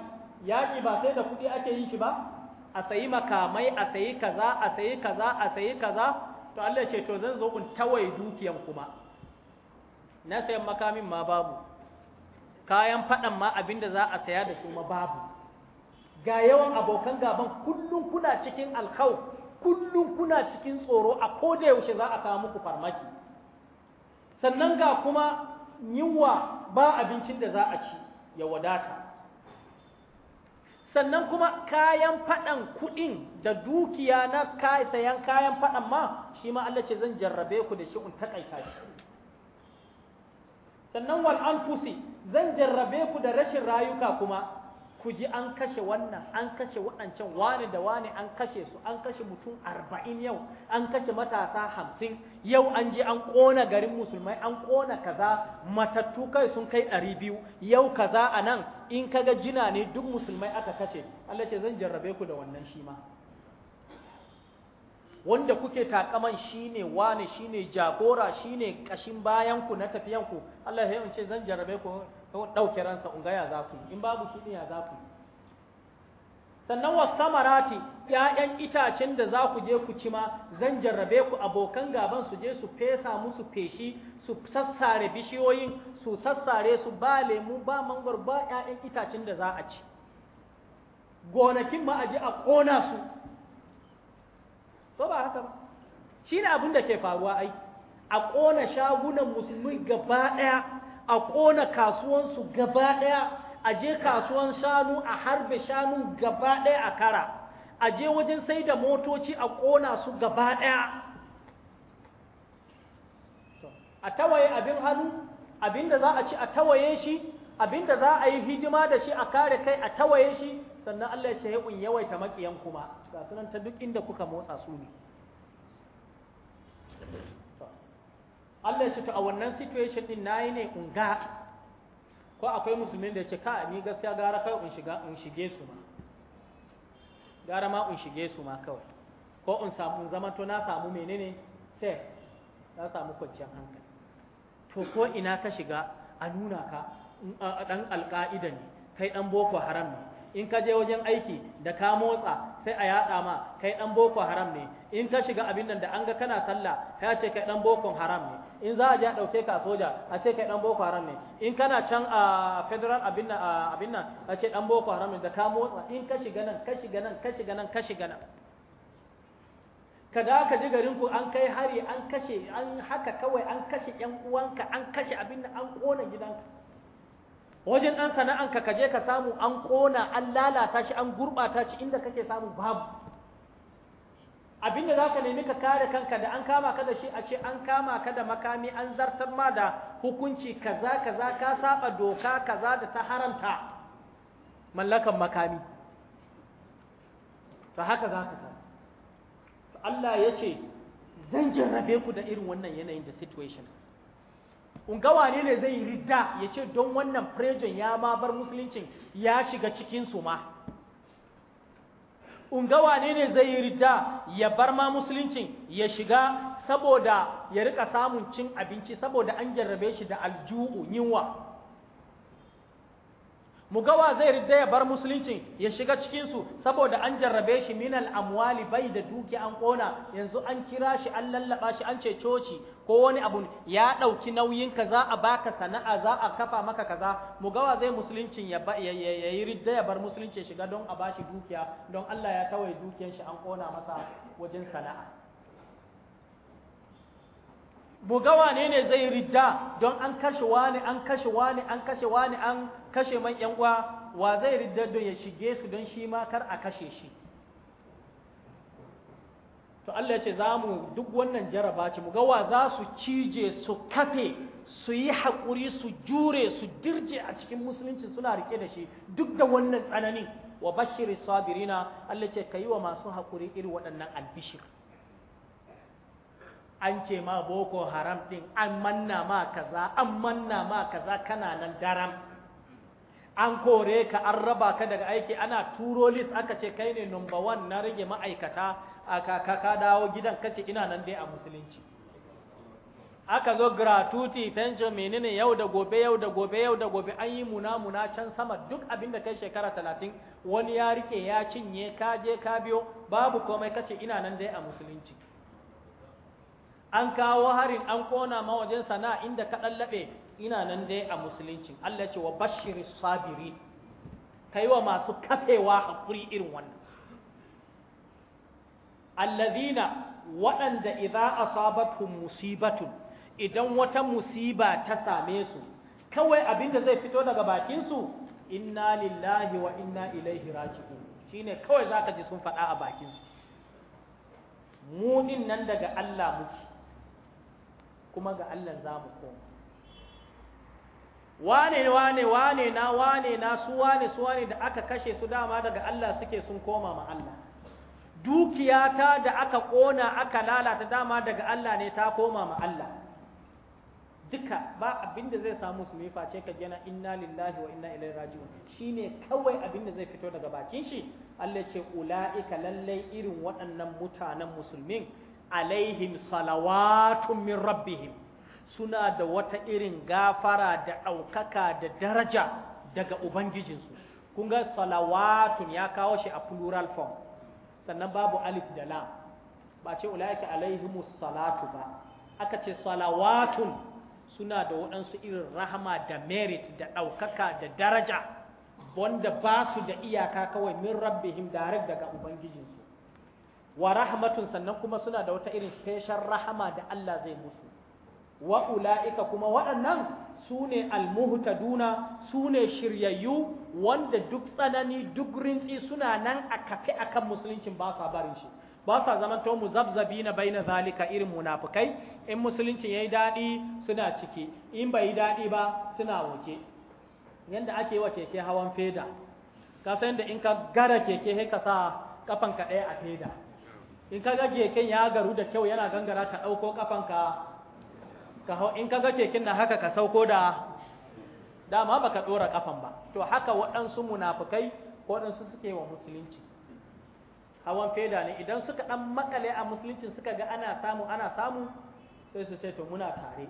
yaƙi ba sai da kuɗi ake yin shi ba a sayi makamai a sayi kaza a sayi kaza a sayi kaza to Allah ce to zan zo in tawaye dukiyan kuma na sayan makamin ma babu kayan faɗan ma abinda za a saya da su ma babu ga yawan abokan gaban kullum kuna cikin alkhaw kullum kuna cikin tsoro a ko da yaushe za a kawo muku farmaki sannan ga kuma yiwa ba abincin da za a ci ya wadata sannan kuma kayan faɗan kuɗin da dukiya na sayan kayan faɗan ma shi ma Allah ce zan jarrabe ku da shi in taƙaita shi sannan wal anfusi zan jarrabe ku da rashin rayuka kuma ku ji an kashe wannan an kashe waɗancan wani da wani an kashe su an kashe mutum arba'in yau an kashe matasa hamsin yau an ji an ƙona garin musulmai an ƙona kaza matattu kai sun kai ɗari biyu yau kaza a nan in kaga jina ne duk musulmai aka kashe Allah ce zan jarrabe ku da wannan shi ma wanda kuke takaman shine wane shine jagora shine kashin bayan ku na tafiyan ku Allah ya ce zan jarabe ku dauke ransa unga ya za ku in babu shi ne ya za ku sannan wa samarati ƴaƴan itacen da za ku je ku ci ma zan jarrabe ku abokan gaban su je su fesa musu feshi su sassare bishiyoyin su sassare su ba lemu ba mangwar ba ƴaƴan itacen da za a ci gonakin ma a je a ƙona su ko ba haka ba Shi ne abin da ke faruwa ai a ƙona shagunan musulmi gaba ɗaya a ƙona kasuwansu gaba ɗaya a je kasuwan shanu a harbe shanu gaba ɗaya a kara a je wajen sai da motoci a ƙona su gaba ɗaya a tawaye abin hannu abin da za a ci a tawaye shi abin da za a yi hidima da shi a kare kai a tawaye shi sannan Allah ya ce ya yawaita maƙiyan kuma ga sunan ta duk inda kuka motsa su ne Allah ya ce to a wannan situation din nayi ne in ga ko akwai musulmin da ya ce ka ni gaskiya gara kai in shiga in shige su ma gara ma in shige su ma kawai ko in samu zaman to na samu menene sai na samu kwanciyar hankali to ko ina ka shiga a nuna ka dan alƙa'ida ne kai dan boko haram ne in ka je wajen aiki da ka motsa sai a yaɗa ma kai ɗan boko haram ne in ka shiga abin nan da an ga kana sallah kai ce kai ɗan boko haram ne in za a je a ɗauke ka soja a ce kai ɗan boko haram ne in kana can a federal abin nan abin nan a ce ɗan boko haram ne da ka motsa in ka shiga nan ka shiga nan ka shiga nan ka shiga nan kada ka ji garin ku an kai hari an kashe an haka kawai an kashe yan uwanka an kashe abin nan an ƙona gidanka wajen ɗan sana'anka ka je ka samu an ƙona an lalata shi an gurɓata shi inda kake samu babu abinda za ka nemi ka kare kanka da an kama ka da shi a ce an kama ka da makami an zartar ma da hukunci kaza kaza ka saba doka kaza da ta haramta mallakan makami To haka za ka samu Allah ya ce zan jarrabe ku da irin wannan yanayin da situation unga wane ne zai ridda ya ce don wannan prejon ya ma bar musuluncin ya shiga cikinsu ma unga wane ne zai ridda ya bar ma musuluncin ya shiga saboda ya rika samun cin abinci saboda an jarrabe shi da alju'u yunwa mu gawa zai ridda ya bar musuluncin ya shiga cikinsu saboda an jarrabe shi minal amwali bai da duki an kona yanzu an kira shi an lallaɓa shi an ce coci ko wani abu ya ɗauki ka za a baka sana'a za a kafa maka kaza mu gawa zai musuluncin ya yi ridda ya bar musulunci ya shiga don a bashi dukiya don Allah ya tawaye dukiyan shi an kona masa wajen sana'a buga ne ne zai ridda don an kashe wani an kashe wani an kashe wani an kashe man yan uwa wa zai ridda don ya shige su don shi ma kar a kashe shi to Allah ya ce za mu duk wannan jaraba ce mu ga za su cije su kafe su yi haƙuri su jure su dirje a cikin musulunci suna rike da shi duk da wannan tsananin wa bashiri sabirina Allah ce ka yi wa masu haƙuri irin waɗannan albishir an ce ma boko haram ɗin an manna ma kaza an manna ma kaza kana nan daram an kore ka an raba ka daga aiki ana turo list aka ce kai ne number one na rage ma'aikata a ka dawo gidan kace ina nan dai a musulunci aka zo gratuity pension menene yau da gobe yau da gobe yau da gobe an yi muna muna can sama duk abin da kai shekara talatin wani ya rike ya cinye ka je ka biyo babu komai kace ina nan dai a musulunci an kawo harin an kona ma wajen sana'a inda ka laɓe ina nan dai a musulunci Allah ce wa bashiri sabiri kai wa masu kafewa haƙuri irin wannan allazina waɗanda idza asabatuhum musibatun idan wata musiba ta same su kawai abinda zai fito daga bakin su inna lillahi wa inna ilaihi raji'un shine kawai zaka ji sun faɗa a bakin su mu nan daga Allah muke kuma ga Allah za mu koma wane wane wane na wane na su wane su wane da aka kashe su dama daga Allah suke sun koma ma Allah dukiyata da aka ƙona aka lalata dama daga Allah ne ta koma ma Allah duka ba abin da zai samu su mai face ka gina inna lillahi wa inna ilaihi raji'un shine kawai abin da zai fito daga bakin shi Allah ce ula'ika lallai irin waɗannan mutanen musulmin alaihim salawatun min rabbihim suna da wata irin gafara da ɗaukaka da daraja daga ubangijinsu kun salawatun ya kawo shi a plural form sannan babu alif da lam ba ce ulaika alaihimus salatu ba aka ce salawatun suna da waɗansu irin rahama da merit da ɗaukaka da daraja wanda ba su da iyaka kawai min rabbihim direct daga ubangijinsu wa rahmatun sannan kuma suna da wata irin special rahama da Allah zai musu wa ula'ika kuma waɗannan su ne duna, su ne shiryayyu wanda duk tsanani duk rintsi suna nan a kafe akan musuluncin ba sa barin shi ba sa zamanto mu zabzabi na bai na zalika irin munafukai in musuluncin ya yi daɗi suna ciki in bai yi daɗi ba suna waje yadda ake yi wa keke hawan feda kasan san da in ka gara keke ka sa kafanka ɗaya a feda in kaga keken ya garu da kyau yana gangara ta ɗauko kafanka ka hau in kaga keken na haka ka sauko da dama baka ɗora kafan ba to haka waɗansu munafukai waɗansu suke wa musulunci hawan feda ne idan suka ɗan makale a musulunci suka ga ana samu ana samu sai su ce to muna tare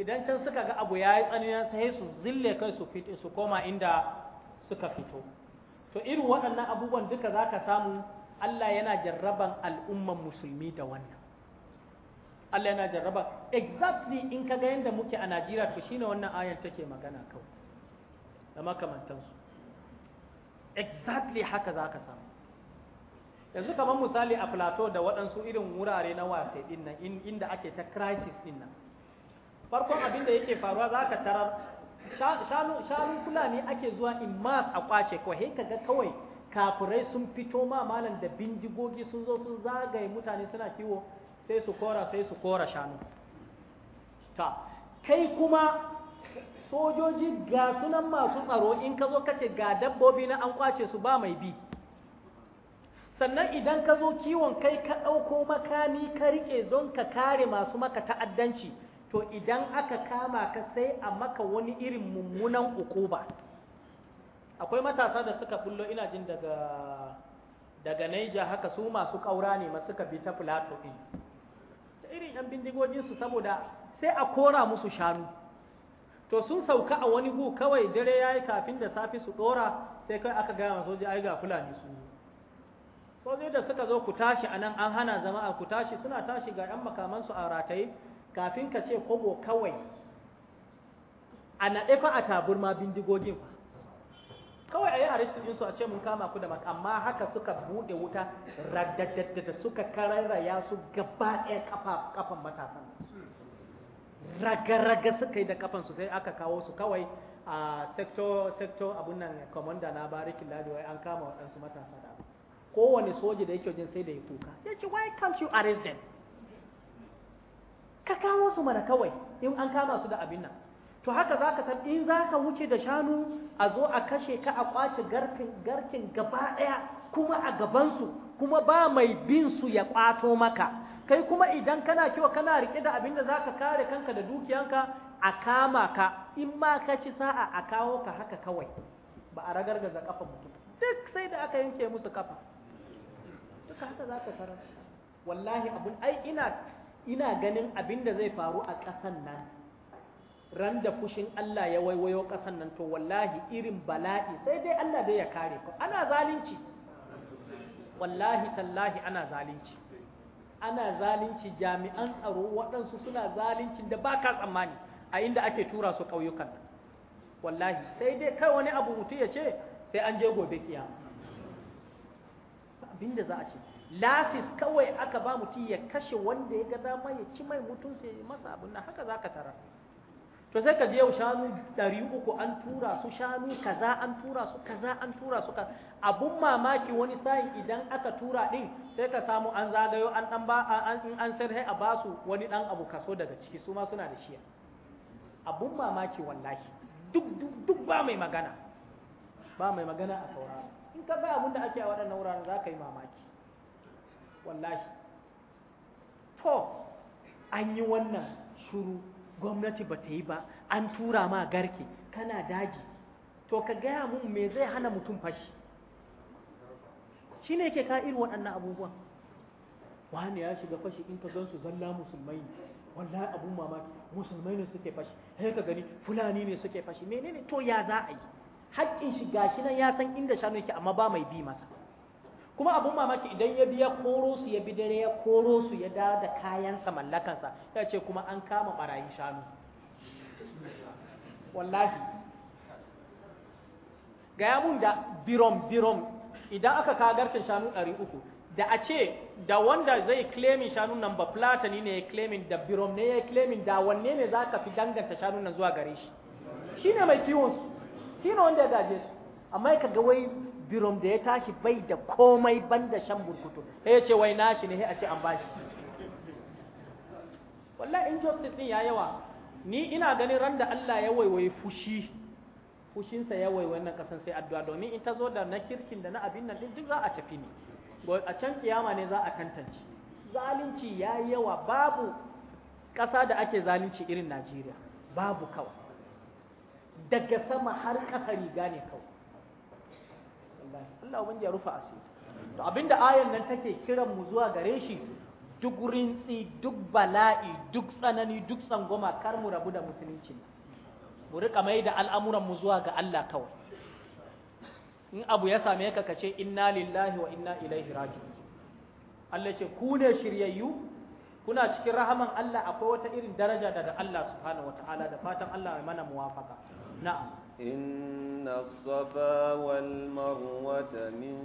idan can suka ga abu yayi yi tsanani sai su zille kai su fito su koma inda suka fito to irin waɗannan abubuwan duka zaka samu Allah yana jarraban al'umman musulmi da wannan Allah yana jarraba exactly in kaga yadda muke a Najeriya to shine wannan ayar take magana kawai da makamantansu exactly haka za ka samu yanzu kamar misali a plateau da waɗansu irin wurare na wasai ɗin nan inda ake ta crisis ɗin nan farkon abin da yake faruwa za ka tarar shanu fulani ake zuwa in mass a kwace ko ka ga kawai kafirai sun fito ma malam da bindigogi sun zo sun zagaye mutane suna kiwo sai su kora sai su kora shanu ta kai kuma sojoji ga sunan masu tsaro in ka zo kace ga dabbobi na an kwace su ba mai bi sannan idan ka zo kiwon kai ka ɗauko makami ka riƙe don ka kare masu maka ta'addanci to idan aka kama ka sai a maka wani irin mummunan ukuba. ba akwai matasa da suka bullo ina jin daga daga Niger haka su masu kaura ne masu suka bi ta Plateau ɗin Ta irin yan bindigogin su saboda sai a kora musu shanu to sun sauka a wani gu kawai dare yayi kafin da safi su dora sai kai aka gaya wa soja ai ga fulani su sojoji da suka zo ku tashi anan an hana zama a ku tashi suna tashi ga yan makaman su a rataye kafin ka ce kobo kawai a naɗe fa a taburma bindigogin fa kawai a yi arrestin ɗinsu a ce mun kama ku da maka amma haka suka buɗe wuta radadadada suka ya su gaba ɗaya kafan matasan raga-raga suka yi da kafan su sai aka kawo su kawai a sector sector abun nan komanda na barikin lalewa an kama waɗansu matasa da kowane soja da yake wajen sai da ya kuka ya ce why can't you arrest them ka kawo su mana kawai in an kama su da abin nan to haka za ka san in za ka wuce da shanu a zo a kashe ka a kwace garkin gaba ɗaya kuma a gabansu kuma ba mai bin su ya kwato maka kai kuma idan kana kiwa kana rike da abin da za ka kare kanka da dukiyanka a kama ka in ma ka ci sa'a a kawo ka haka kawai ba a ragargaza kafa mutum duk sai da aka yanke musu kafa duka haka za ka fara. wallahi abun ai ina ina ganin abin da zai faru a ƙasan nan ran da fushin Allah ya waiwayo ƙasan nan to wallahi irin bala'i sai dai Allah dai ya kare ku ana zalunci wallahi tallahi ana zalunci ana zalunci jami'an tsaro waɗansu suna zalunci da ba ka tsammani a inda ake tura su ƙauyukan nan wallahi sai dai kai wani abu mutu ya ce sai an je gobe kiyama abin da za a ce lafis kawai aka ba mutum ya kashe wanda ya ga dama ya ci mai mutunsa ya masa abin nan haka za ka tara to sai ka je shanu ɗari uku an tura su shanu kaza an tura su kaza an tura su ka abun mamaki wani sai idan aka tura din sai ka samu an zagayo an dan ba an an sai a basu wani ɗan abu kaso daga ciki su ma suna da shi abun mamaki wallahi duk duk duk ba mai magana ba mai magana a saurara in ka ga abun da ake a waɗannan wuraren za ka yi mamaki wallahi to an yi wannan shuru gwamnati ba ta yi ba an tura ma garke kana daji to ka gaya mun me zai hana mutum fashi shi ne ke ka'ir waɗannan abubuwan wani ya shiga fashi in ka gan su zalla musulmai ne wallahi abun mamaki musulmai ne suke fashi sai ka gani fulani ne suke fashi menene to ya za a yi haƙƙin shi gashi nan ya san inda shanu yake amma ba mai bi masa kuma abun mamaki idan ya biya koro su ya bi dare ya koro su ya da da kayansa mallakansa ya ce kuma an kama barayi shanu wallahi gaya mun da birom birom idan aka kawo garkin shanu 300 da a ce da wanda zai claimin shanu nan ba platani ne ya claimin da birom ne ya claimin da wanne ne za fi danganta shanu nan zuwa gare shi shi mai kiwon shi ne wanda ya gaje su amma ka ga wai birom da ya tashi bai da komai ban da shan burkutu sai ya ce wai nashi ne a ce an bashi wallahi injustice din ya yawa ni ina ganin ran da Allah ya waiwaye fushi fushinsa ya waiwaye nan kasan sai addu'a domin in ta zo da na kirkin da na abin nan din duk za a tafi ne a can kiyama ne za a tantance zalunci ya yawa babu ƙasa da ake zalunci irin Najeriya babu kawai daga sama har ƙasa riga ne kawai wallahi Allah ubangi ya rufa asiri to abinda ayan nan take kiran mu zuwa gare shi duk rintsi duk bala'i duk tsanani duk tsangoma kar mu rabu da musulunci mu rika mai da al'amuran mu zuwa ga Allah kawai in abu ya same ka kace inna lillahi wa inna ilaihi raji'un Allah ce ku ne shiryayyu kuna cikin rahaman Allah akwai wata irin daraja daga Allah subhanahu wataala da fatan Allah ya mana muwafaka na'am إن الصفا والمروة من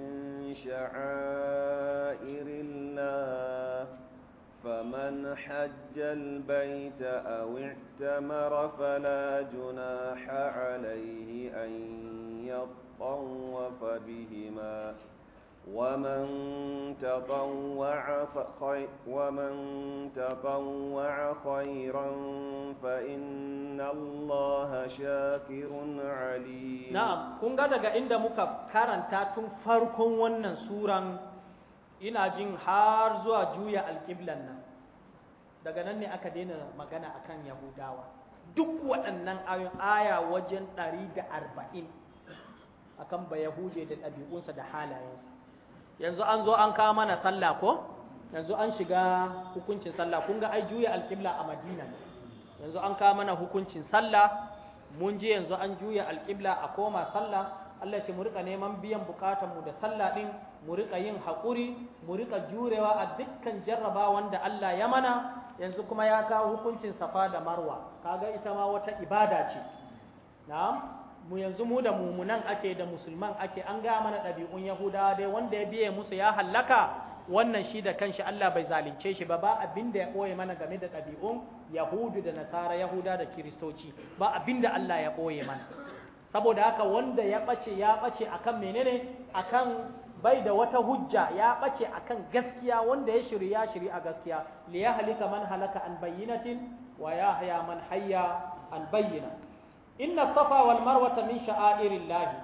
شعائر الله فمن حج البيت أو اعتمر فلا جناح عليه أن يطوف بهما ومن تطوع خير ومن تطوع خيرا فإن الله شاكر عليم نعم kun ga daga inda muka karanta tun farkon wannan suran ina jin har zuwa juya alƙiblan nan daga nan ne aka daina magana akan yahudawa duk waɗannan ayoyin aya wajen 140 akan ba yahuje da ɗabi'unsa da halayensa yanzu an zo an kawo mana sallah ko yanzu an shiga hukuncin sallah kun ga ai juya alƙibla a madina ne yanzu an kawo mana hukuncin sallah mun ji yanzu an juya alƙibla a koma sallah Allah ce mu rika neman biyan bukatun mu da sallah din mu rika yin haƙuri mu rika jurewa a dukkan jarraba wanda Allah ya mana yanzu kuma ya kawo hukuncin safa da marwa kaga ita ma wata ibada ce na'am mu yanzu mu da mumunan ake da musulman ake an ga mana ɗabi'un yahudawa dai wanda ya biye musu ya hallaka wannan shi da kanshi Allah bai zalunce shi ba ba abin da ya ɓoye mana game da ɗabi'un yahudu da nasara yahuda da kiristoci ba abinda Allah ya ɓoye mana saboda haka wanda ya ɓace ya ɓace akan menene akan bai da wata hujja ya ɓace akan gaskiya wanda ya shiri ya shiri a gaskiya li ya halika man halaka an bayyinatin wa ya haya man hayya an bayyinatin inna safa wal ta min lahi.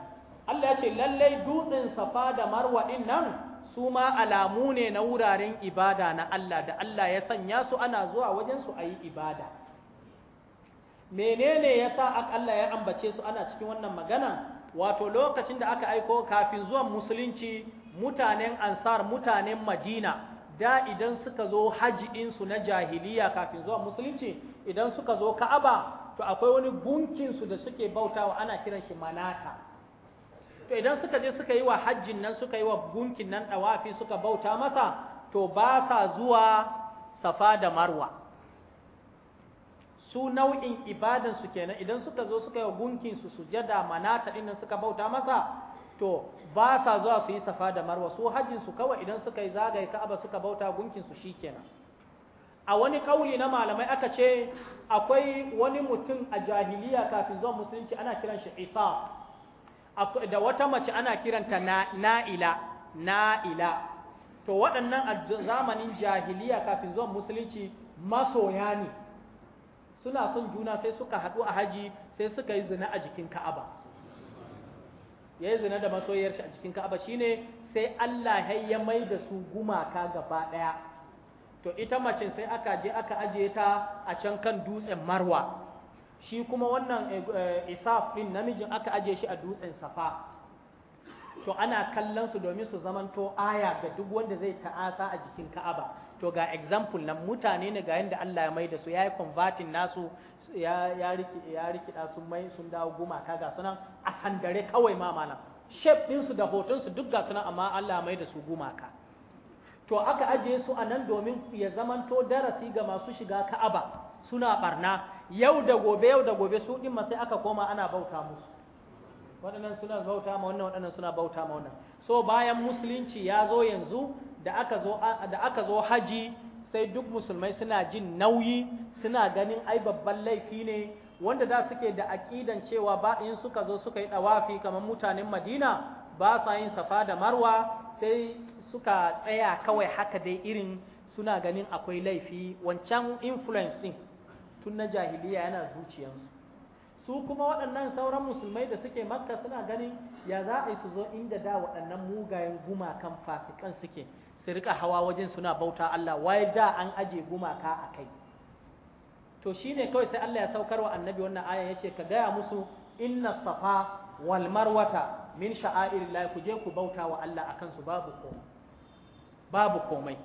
Allah ya ce lallai dutsen safa da marwa din nan su ma alamu ne na wuraren ibada na Allah da Allah ya sanya su ana zuwa wajen su ayi ibada menene ya yasa Allah ya ambace su ana cikin wannan magana wato lokacin da aka aiko kafin zuwan musulunci mutanen ansar mutanen madina da idan suka zo haji insu na jahiliya kafin zuwan musulunci idan suka zo ka'aba to akwai wani gunkinsu da suke bautawa ana kiran shi manata to idan suka je suka yi wa hajjin nan suka yi wa gunkin nan ɗawafi suka bauta masa to ba sa zuwa safa da marwa su nau'in ibadansu kenan idan suka zo suka yi wa gunkinsu sujada manata ɗin nan suka bauta masa to ba sa zuwa su yi safa da marwa su hajjinsu kawai idan suka yi zagaye ka'aba suka bauta gunkinsu shi kenan a wani kauli na malamai aka ce akwai wani mutum a jahiliya kafin zuwa musulunci ana kiran shi isa da wata mace ana kiranta na'ila na'ila to waɗannan a zamanin jahiliya kafin zuwa musulunci masoya ne suna son juna sai suka haɗu a haji sai suka yi zina a jikin ka'aba ya yi zina da masoyiyar shi a jikin ka'aba shine sai Allah ya mai da su gumaka gaba ɗaya to ita macin sai aka je aka ajiye ta a can kan dutsen marwa shi kuma wannan eh, eh, isaf din namijin aka ajiye shi a dutsen safa to ana kallon su domin su zamanto aya ga duk wanda zai ta'asa a jikin ka'aba to ga example nan mutane ne ga yanda Allah ya maida su ya yi convertin nasu ya ya riki ya da sun mai sun dawo gumaka ga sunan a handare kawai ma malam shape din su da hoton su duk ga sunan amma Allah ya maida da su gumaka to aka ajiye su a nan domin ya zamanto darasi ga masu shiga ka'aba suna barna yau da gobe yau da gobe su ɗin sai aka koma ana bauta musu waɗannan suna bauta ma wannan waɗannan suna bauta ma wannan so bayan musulunci ya zo yanzu da aka zo da haji sai duk musulmai suna jin nauyi suna ganin ai babban laifi ne wanda da suke da aƙidan cewa ba in suka zo suka yi ɗawafi kamar mutanen madina ba sa yin safa da marwa sai suka tsaya kawai haka dai irin suna ganin akwai laifi wancan influence din tun na jahiliya yana zuciyarsu su kuma waɗannan sauran musulmai da suke makka suna ganin ya za a yi su zo inda da waɗannan mugayen gumakan fasikan suke su rika hawa wajen suna bauta Allah wai da an aje gumaka a kai to shine kawai sai Allah ya saukar wa annabi wannan aya yace ka gaya musu inna safa wal marwata min sha'airillahi ku je ku bauta wa Allah akan su babu ko babu komai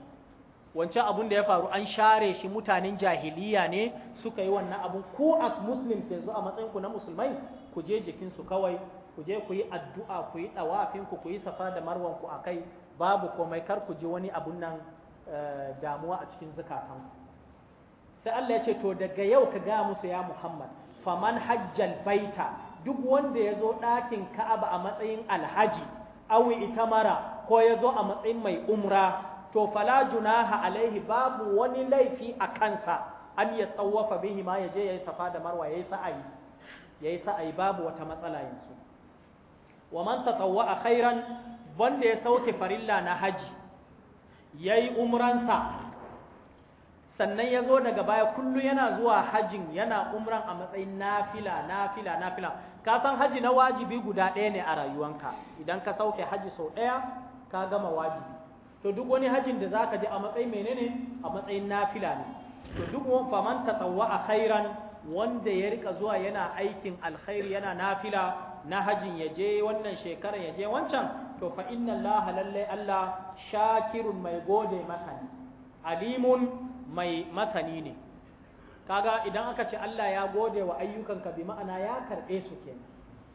wancan abun da ya faru an share shi mutanen jahiliya ne suka yi wannan abun ku as muslims yanzu a matsayin ku na musulmai ku je jikin su kawai ku je ku yi addu'a ku yi dawafin ku ku yi safa da marwan ku akai babu komai kar ku ji wani abun nan eh, damuwa a cikin zakatan sai Allah ya ce to daga yau ka ga musu ya Muhammad faman hajjal baita duk wanda ya zo ɗakin Ka'aba a matsayin alhaji awi itamara ko ya zo a matsayin mai umra to fala junaha alaihi babu wani laifi a kansa an ya tsawafa bihi ma ya je ya yi safa da marwa ya yi sa'ayi ya yi sa'ayi babu wata matsala yanzu wa man tatawwa a khairan wanda ya sauke farilla na haji ya yi umransa sannan ya zo daga baya kullu yana zuwa hajin yana umran a matsayin nafila nafila nafila ka san haji na wajibi guda ɗaya ne a rayuwanka idan ka sauke haji sau ɗaya ka gama wajibi to duk wani hajin da zaka je a matsayin menene a matsayin nafila ne to duk wani faman a khairan wanda ya rika zuwa yana aikin alkhairi yana nafila na hajin ya je wannan shekarar ya je wancan to fa inna Allah lalle Allah shakirun mai gode maka alimun mai masani ne kaga idan aka ce Allah ya gode wa ka bi ma'ana ya karbe su kenan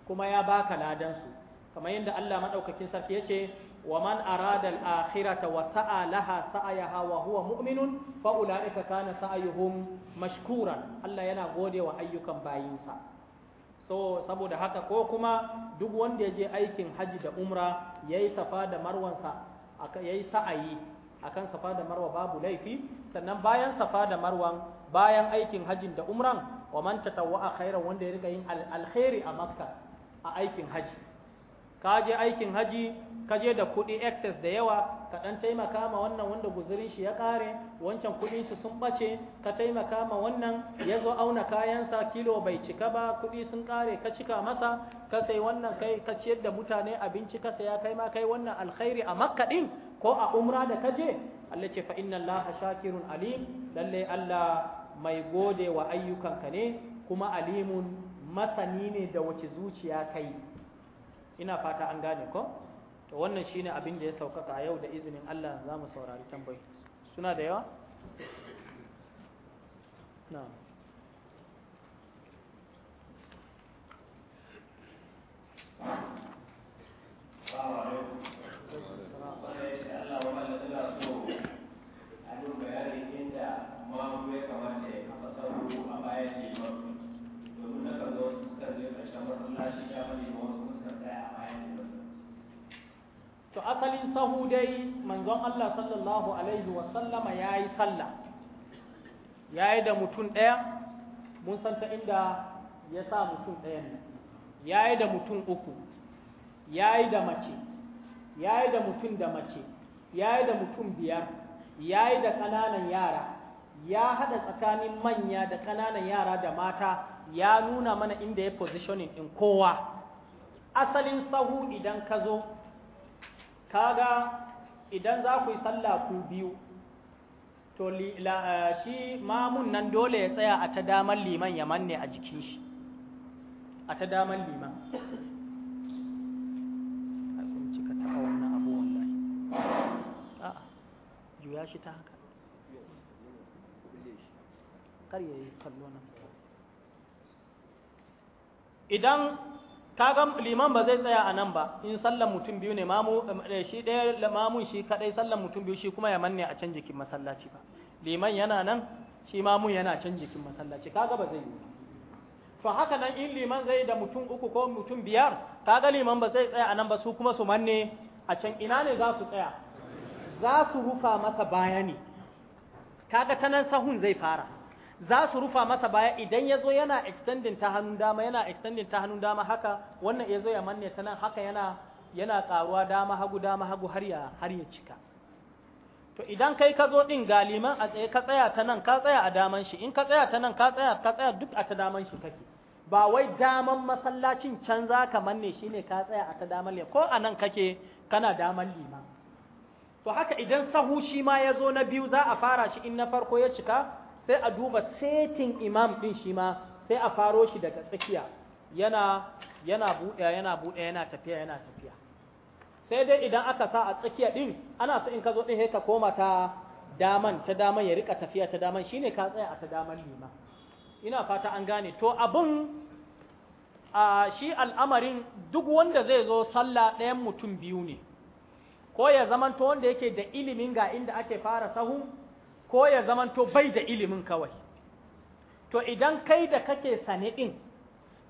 kuma ya baka ladan su kamar yadda Allah madaukakin sarki yace ومن أراد الآخرة وسعى لها سعيها وهو مؤمن فأولئك كان سعيهم مشكورا الله ينا غودي ayyukan باينسا so saboda haka ko kuma duk wanda ya je aikin haji da umra yayi yi safa da marwansa ya yi sa'ayi akan safa da marwa babu laifi sannan bayan safa da marwan bayan aikin hajin da umran wa man tatawwa khairan wanda ya rika yin alkhairi a makka a aikin haji ka je aikin haji kaje da kuɗi excess da yawa ka ɗan taimaka ma wannan wanda guzurin shi ya ƙare wancan kuɗin su sun ɓace ka taimaka ma wannan ya zo auna kayansa kilo bai cika ba kuɗi sun ƙare ka cika masa ka sai wannan kai ka ciyar da mutane abinci ka saya kai ma kai wannan alkhairi a makka ɗin ko a umra da ka je Allah ce fa inna Allah shakirun alim lalle Allah mai gode wa ayyukanka ne kuma alimun masani ne da wace zuciya kai ina fata an gane ko to wannan shine abin da ya saukaka yau da izinin Allah za mu saurari tambayi suna da yawa na Assalamu alaikum asalin sahu dai manzon Allah sallallahu alaihi wasallama ya yi sallah ya yi da mutum ɗaya mun san ta inda ya sa mutum ɗayan nan ya yi da mutum uku ya yi da mace ya yi da mutum da mace ya yi da mutum biyar ya yi da ƙananan yara ya haɗa tsakanin manya da ƙananan yara da mata ya nuna mana inda ya positioning ɗin kowa asalin sahu idan ka zo kaga idan za ku yi sallah ku biyu to eh, shi mamun nan dole ya tsaya a ta damar liman ya manne a jikin shi a ta damar liman juya shi ta haka kar yayi kallo nan idan kaga liman ba zai tsaya a nan ba in sallan mutum biyu ne mamu eh, shi ɗaya mamun shi kaɗai, sallan mutum biyu shi kuma ya manne a can jikin masallaci ba liman yana nan shi mamun yana can jikin masallaci kaga ba zai yi to haka nan in liman zai da mutum uku ko mutum biyar kaga liman ba zai tsaya a nan ba su kuma su manne a can ina ne za su tsaya za su rufa masa bayani kaga ta nan sahun zai fara za su rufa masa baya idan ya zo yana extending ta hannun dama yana extending ta hannun dama haka wannan ya zo ya manne ta nan haka yana yana karuwa dama hagu dama hagu har ya har ya cika to idan kai ka zo din galiman a tsaye ka tsaya ta nan ka tsaya a daman shi in ka tsaya ta nan ka tsaya ka tsaya duk a ta daman shi kake ba wai daman masallacin can za ka manne shi ne ka tsaya a ta daman liman ko a nan kake kana daman liman to haka idan sahu shi ma ya zo na biyu za a fara shi in na farko ya cika sai a duba setin imam din shi ma sai a faro shi daga tsakiya yana yana buɗe yana buɗe yana tafiya yana tafiya sai dai idan aka sa a tsakiya din ana so in ka zo din sai ka koma ta daman ta daman ya rika tafiya ta daman shine ka tsaya a ta daman lima ina fata an gane to abun a shi al'amarin duk wanda zai zo sallah ɗayan mutum biyu ne ko ya zamanto wanda yake da ilimin ga inda ake fara sahu. ko ya zamanto bai da ilimin kawai to idan kai da kake sane din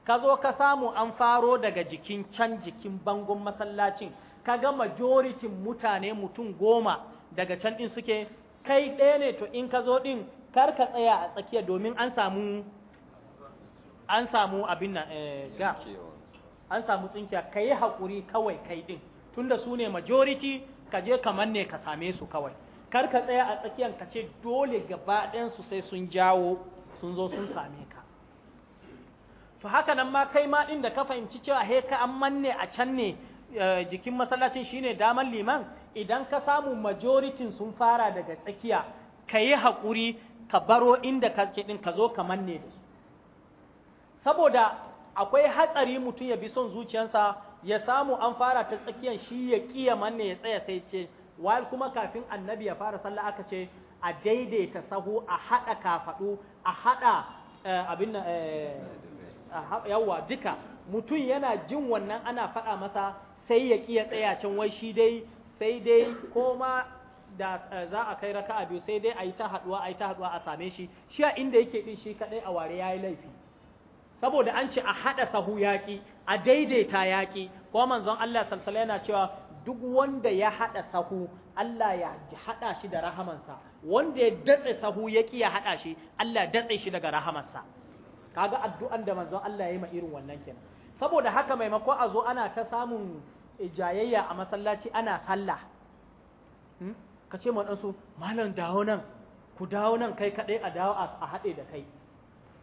ka zo ka samu an faro daga jikin can jikin bangon masallacin ka ga majoritin mutane mutum goma daga can ɗin suke kai ɗaya ne to in ka zo din kar ka tsaya a tsakiya domin an samu an samu abin na ga eh, an samu tsinkiya yi haƙuri kawai kai ɗin tunda su ne majority ka je kamar ne ka same su kawai kar ka tsaya a tsakiyar ka ce dole gaba su sai sun jawo sun zo sun same ka to haka nan ma kai ma inda da ka fahimci cewa he ka an manne a can ne eh, jikin masallacin shine daman liman idan ka samu majoritin sun fara daga tsakiya ka yi haƙuri ka baro inda ka ɗin ka zo ka manne da su saboda akwai hatsari mutum ya bi son zuciyarsa ya samu an fara ta tsakiyar shi ya ƙiya manne ya tsaya sai ce wal kuma kafin annabi ya fara sallah aka ce a daidaita sahu a hada kafadu a hada eh, abin eh, yawa duka mutum yana jin wannan ana faɗa masa sai ya ƙi ya tsaya can wai shi dai sai dai koma da eh, za a kai raka'a biyu sai dai a yi ta haɗuwa a yi ta haɗuwa a same shi shi a inda yake din shi kaɗai a ware yayi laifi saboda an ce a haɗa sahu yaƙi a daidaita yaƙi ko manzon Allah wasallam yana cewa duk wanda ya haɗa sahu Allah ya haɗa shi da rahamansa wanda ya datse sahu ya ya haɗa shi Allah ya datse shi daga rahamarsa kaga addu'an da manzon Allah ya yi ma irin wannan kenan saboda haka maimako a zo ana ta samun jayayya a masallaci ana sallah hmm? ka ce ma ɗansu malam dawo nan ku dawo nan kai kaɗai a dawo a haɗe da kai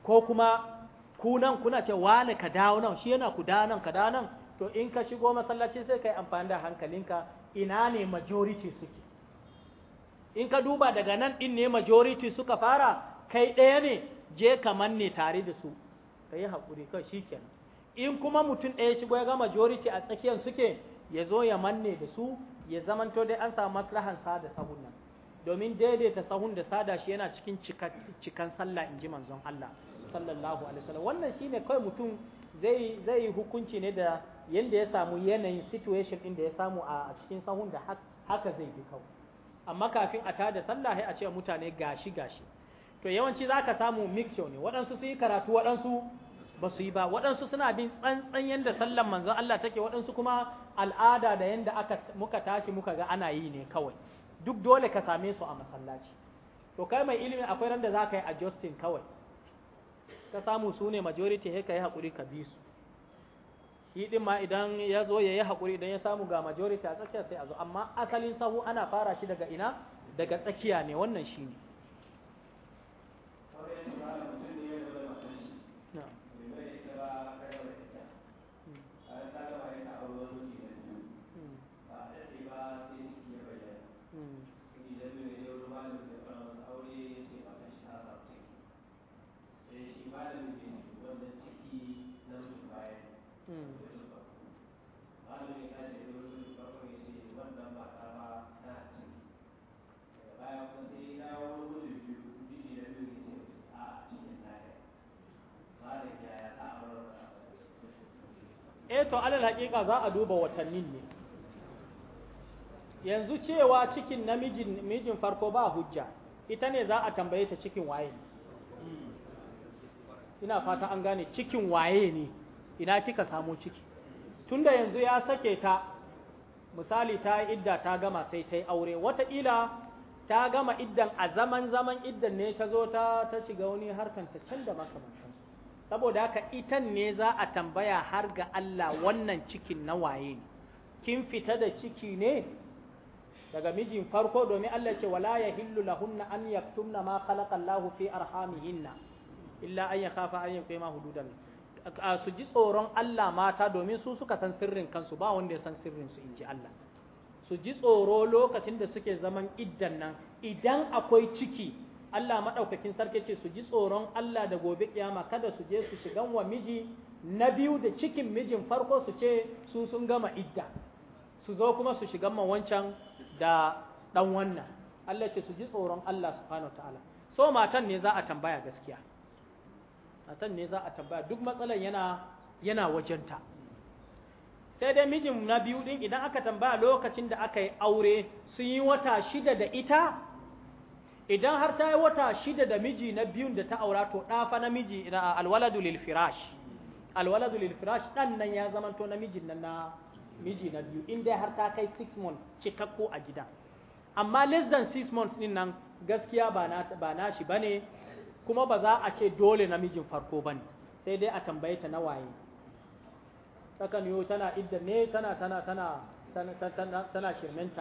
ko kuma ku nan kuna ce wani ka dawo nan shi yana ku dawo nan ka dawo nan to in ka shigo masallaci sai ka yi amfani da hankalinka ina ne majority suke in ka duba daga nan din ne majority suka fara kai ɗaya ne je ka manne tare da su ka yi haƙuri kawai shi in kuma mutum ɗaya shigo ya ga majority a tsakiyar suke ya zo ya manne da su ya zamanto dai an samu maslahan sada sahun nan domin daidaita sahun da sada shi yana cikin cikan sallah in ji manzon Allah sallallahu alaihi wasallam wannan shine kai mutum zai zai hukunci ne da yanda ya samu yanayin situation inda ya samu a cikin sahun da haka zai bi kawo amma kafin a tada sallah sai a ce mutane gashi gashi to yawanci zaka samu mixture ne waɗansu su yi karatu waɗansu ba su yi ba waɗansu suna bin tsantsan yanda sallan manzon Allah take waɗansu kuma al'ada da yanda aka muka tashi muka ga ana yi ne kawai duk dole ka same su a masallaci to kai mai ilimi akwai randa da zaka yi adjusting kawai ka samu su ne majority sai ka yi hakuri ka bi su shi din ma idan ya zo ya yi haƙuri idan ya samu ga majority a tsakiya sai a zo amma asalin sahu ana fara shi daga ina daga tsakiya ne wannan shi ne to alal haƙiƙa za a duba watannin ne yanzu cewa cikin namijin mijin farko ba hujja ita ne za a tambaye ta cikin waye ne ina fata an gane cikin waye ne ina kika samo ciki tunda yanzu ya sake ta misali ta yi idda ta gama sai ta yi aure wataƙila ta gama iddan a zaman zaman iddan ne ta zo ta shiga wani harkanta can da makamantan saboda haka itan ne za a tambaya har ga Allah wannan cikin na waye kin fita da ciki ne daga mijin farko domin Allah ce wala yahillu lahunna an yaktumna ma khalaqa Allah fi arhamihinna illa an yakhafa an yaqima hududan su ji tsoron Allah mata domin su suka san sirrin kansu ba wanda ya san sirrin su inji Allah su ji tsoro lokacin da suke zaman iddan nan idan akwai ciki Allah maɗaukakin sarki ce su ji tsoron Allah da gobe kiyama kada su je su shigan wa miji na biyu da cikin mijin farko su ce su sun gama idda su zo kuma su shigan ma wancan da ɗan wannan Allah ce su ji tsoron Allah subhanahu ta'ala so matan ne za a tambaya gaskiya matan ne za a tambaya duk matsalan yana yana wajenta sai dai mijin na biyu din idan aka tambaya lokacin da aka yi aure sun yi wata shida da ita idan har ta yi wata shida da miji na biyun da ta aura to ɗafa namiji na alwaladu lil firash alwaladu lil firash ɗan nan ya zama to namijin miji na miji na biyu in dai har ta kai 6 months cikakko a gida amma less than 6 months ɗin nan gaskiya ba na ba na shi bane kuma ba za a ce dole namijin farko bane sai dai a tambaye ta na waye takan yo tana idda tana tana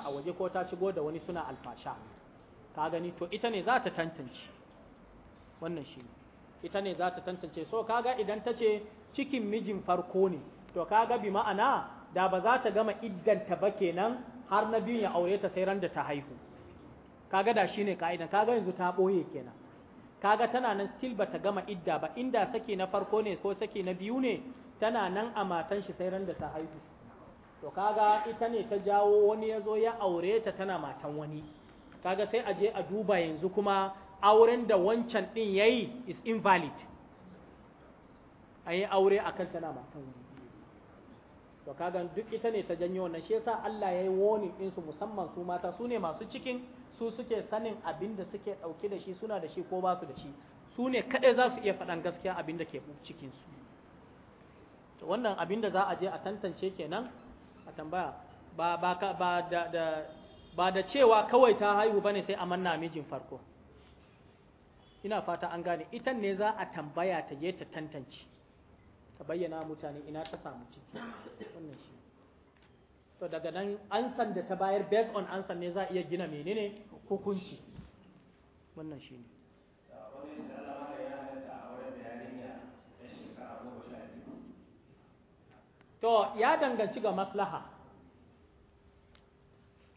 a waje ko ta shigo da wani suna alfasha ka gani to ita ne za ta tantance wannan shi ita ne za ta tantance so kaga idan ta ce cikin mijin farko ne to kaga bi ma'ana da ba za ta gama idanta ba kenan har na biyun ya aure ta sai ran da ta haihu kaga da shi shine ka'idan kaga yanzu ta boye kenan kaga tana nan still ba ta gama idda ba inda saki na farko ne ko saki na biyu ne tana nan a matan shi sai ran da ta haihu to kaga ita ne ta jawo wani ya zo ya aure ta tana matan wani kaga sai a je a duba yanzu kuma auren da wancan din yayi is invalid Ayi aure akan tana matan wani to kaga duk ita ne ta janyo wannan shi yasa Allah ya yi warning din su musamman su mata su ne masu cikin su suke sanin abin da suke dauke da shi suna da shi ko ba su da shi su ne kadai za su iya faɗan gaskiya abin da ke cikin su to wannan abin da za a je a tantance kenan a tambaya ba ba ba da ba da cewa kawai ta haihu bane sai a manna mijin farko ina fata an gane ita ne za a tambaya ta je ta tantance ta bayyana mutane ina ta samu ciki wannan shi to daga nan ansan da ta bayar based on ansan ne za a iya gina menene hukunci wannan shi ne to ya danganci ga maslaha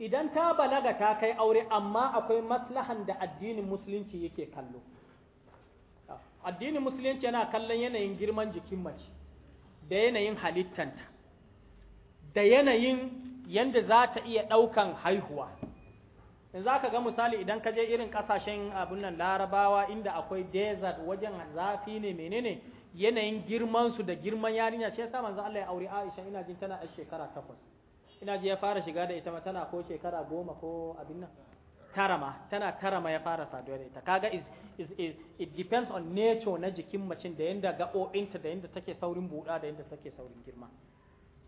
idan ta balaga ta kai aure amma akwai maslahan da addinin musulunci yake kallo addinin musulunci yana kallon yanayin girman jikin mace da yanayin halittanta da yanayin yanda za ta iya ɗaukan haihuwa in za ka ga misali idan ka je irin ƙasashen abin nan larabawa inda akwai desert wajen zafi ne menene yanayin girmansu da girman yarinya shi yasa manzo Allah ya aure Aisha ina jin tana a shekara takwas ina ji ya fara shiga da ita ma tana ko shekara goma ko abin nan tara tana tara ya fara saduwa da ita kaga is, is, is it depends on nature na jikin mace da yanda gaɓoɓinta da yanda take saurin buɗa da yanda take saurin girma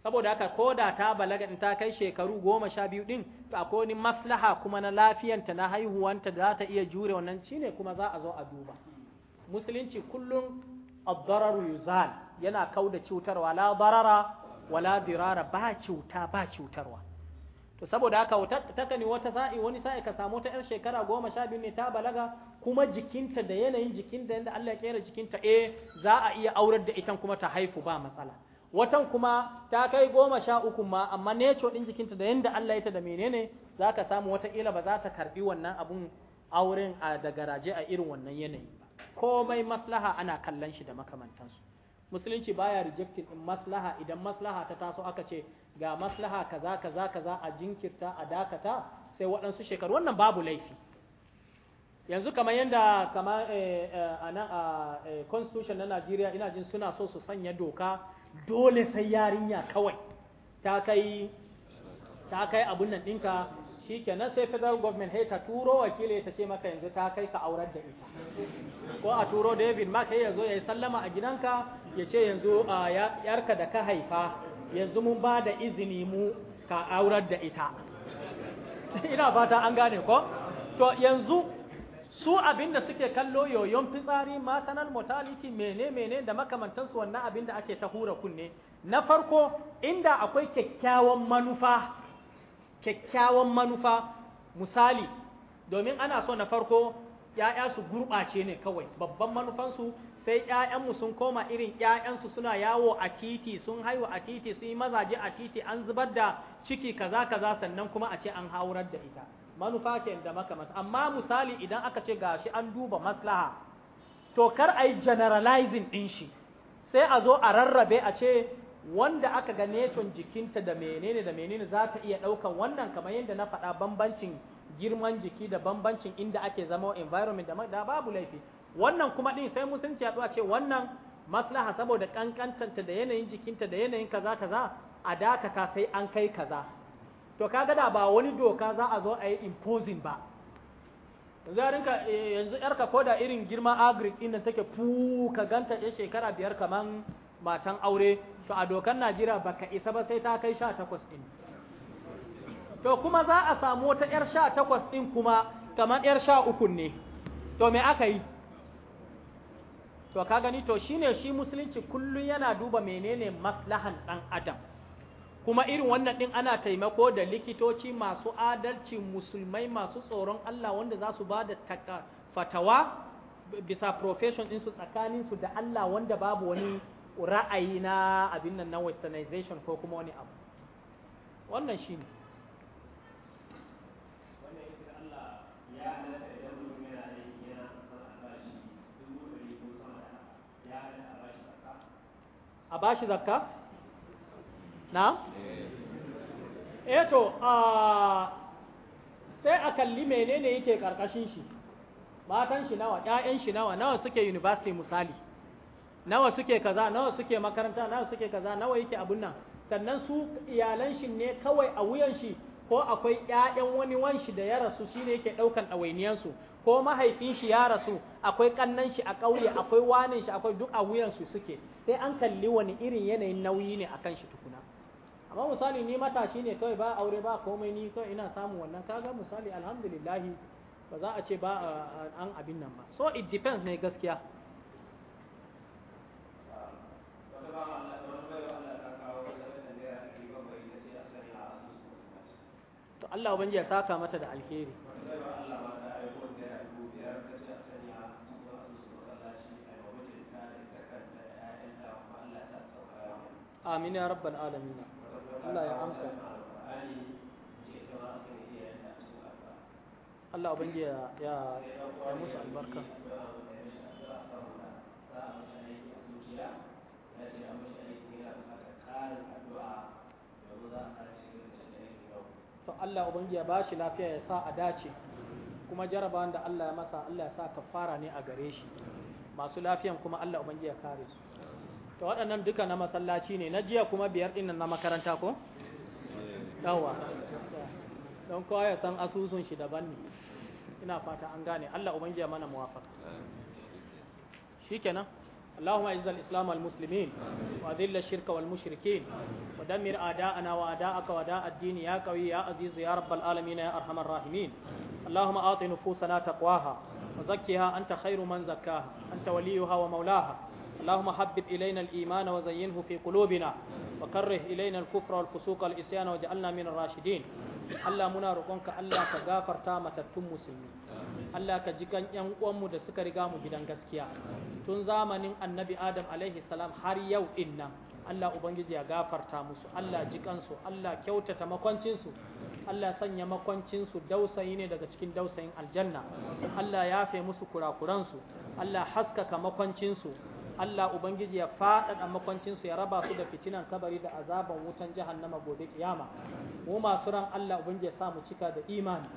saboda haka ko da ta balaga din ta kai shekaru goma sha biyu ɗin to akwai wani maslaha kuma na lafiyanta na haihuwanta da za ta iya jure wannan ne kuma za a zo a duba musulunci kullum addararu yuzal yana kauda cutarwa la barara wala dirara ba cuta ba cutarwa to saboda haka taka ne wata sa'i wani sa'i ka samu ta yar shekara goma sha biyu ne ta balaga kuma jikinta da yanayin jikin da yadda Allah ya kera jikinta eh za a iya aurar da ita kuma ta haifu ba matsala watan kuma ta kai goma sha uku ma amma neco din jikinta da yanda Allah ya ta da menene za ka samu ila? ba za ta karbi wannan abun auren a da garaje a irin wannan yanayi ba komai maslaha ana kallon shi da makamantansu musulunci baya rejecting in maslaha idan maslaha ta taso aka ce ga maslaha kaza kaza kaza a jinkirta a dakata sai waɗansu shekaru wannan babu laifi yanzu kamar yadda kamar eh, eh, a nan a eh, constitution na Najeriya ina jin suna so su sanya doka dole sai yarinya kawai ta kai ta kai abun nan ɗinka shi kenan sai federal government ta turo wakili ta ce maka yanzu ta kai ka aurar da ita ko a turo david ma yi ya ya yi sallama a gidanka ya ce yanzu yarka da ka haifa yanzu mun ba da izini mu ka aurar da ita ina fata an gane ko to yanzu su abinda suke kallo yoyon fitsari masanan mortality mene mene da makamantansu wannan abinda ake ta hura kunne na farko inda akwai kyakkyawan manufa kyakkyawan manufa misali domin ana so na farko ya'ya su gurɓace ne kawai babban manufansu sai ‘ya'yanmu sun koma irin ‘ya'yansu suna yawo a titi sun haihu a titi sun yi mazaje a titi an zubar da ciki kaza kaza sannan kuma a ce an haurar da ita manufa ke da makamata amma misali idan aka ce ga shi an duba maslaha to kar a yi generalizing ɗin shi sai a zo a rarrabe a ce wanda aka ga neton jikinta da menene da menene za ta iya ɗaukan wannan kamar yadda na faɗa bambancin girman jiki da bambancin inda ake zama environment da babu laifi wannan kuma din sai mutunci ya ce wannan maslaha saboda kankantanta da yanayin jikinta da yanayin kaza kaza a dakata sai an kai kaza to kaga da ba wani doka za a zo a yi imposing ba zarinka yanzu yarka eh, koda irin girma agric din nan take fu ka ganta ya shekara biyar kaman matan aure to a dokan Najeriya baka isa ba sai ta kai 18 din to kuma za a samu wata yar 18 din kuma kaman yar 13 ne to me aka yi to ka gani to shine shi musulunci kullum yana duba menene maslahan ɗan adam kuma irin wannan ɗin ana taimako da likitoci masu adalci musulmai masu tsoron Allah wanda za su ba da fatawa bisa profession tsakanin tsakaninsu da Allah wanda babu wani ra'ayi na abin nan na westernization ko kuma wani abu wannan shi ne Allah ya a bashi zakka na E to a sai a kalli menene yake karkashin shi matan shi nawa ƴaƴan shi nawa nawa suke university misali nawa suke kaza nawa suke makaranta nawa suke kaza nawa yake abun nan sannan su iyalan shi ne kawai a wuyan shi ko akwai ƴaƴan wani wanshi da ya rasu shine yake ɗaukan ɗawainiyansu ko mahaifin shi ya rasu akwai kannan shi a ƙauye akwai wanin shi akwai duk a wuyan su suke sai an kalli wani irin yanayin nauyi ne akan shi tukuna amma misali ni matashi ne kawai ba aure ba komai ni kawai ina samun wannan kaga misali alhamdulillah ba za a ce ba an abin nan ba so it depends ne gaskiya to Allah ubangiji ya saka mata da alheri Aminu ya rabbal alamin Allah ya amsa Allah ya ya albarka to Allah ubangi ya bashi lafiya ya sa a dace kuma jarabawan da Allah ya masa Allah ya sa kafara ne a gare shi masu lafiyan kuma Allah ubangi ya kare su to waɗannan duka na masallaci ne na jiya kuma biyar ɗin na makaranta ko yawa don kowa ya san asusun shi daban ne ina fata an gane Allah ubangiji mana muwafaka shikenan اللهم اعز الاسلام والمسلمين واذل الشرك والمشركين ودمر اعداءنا واعداءك واعداء الدين يا قوي يا عزيز يا رب العالمين يا ارحم الراحمين اللهم اعط نفوسنا تقواها وزكها انت خير من زكاها انت وليها ومولاها اللهم حبب إلينا الإيمان وزينه في قلوبنا وكره إلينا الكفر والفسوق والعصيان واجعلنا من الراشدين Allah muna Allah ka gafarta matattun musulmi Allah ka ji kan uwanmu da suka riga mu gidan gaskiya tun zamanin Annabi Adam har yau Allah ubangiji ya gafarta musu Allah jikansu Allah kyautata makwancin Allah sanya makwancin dausayi ne daga cikin dausayin aljanna Allah yafe musu kurakuran Allah haskaka makwancinsu Allah Ubangiji ya faɗaɗa makwancinsu ya raba su da fitinan kabari da azaban wutan jahannama gobe kiyama mu masu ran Allah Ubangiji ya sa mu cika da imani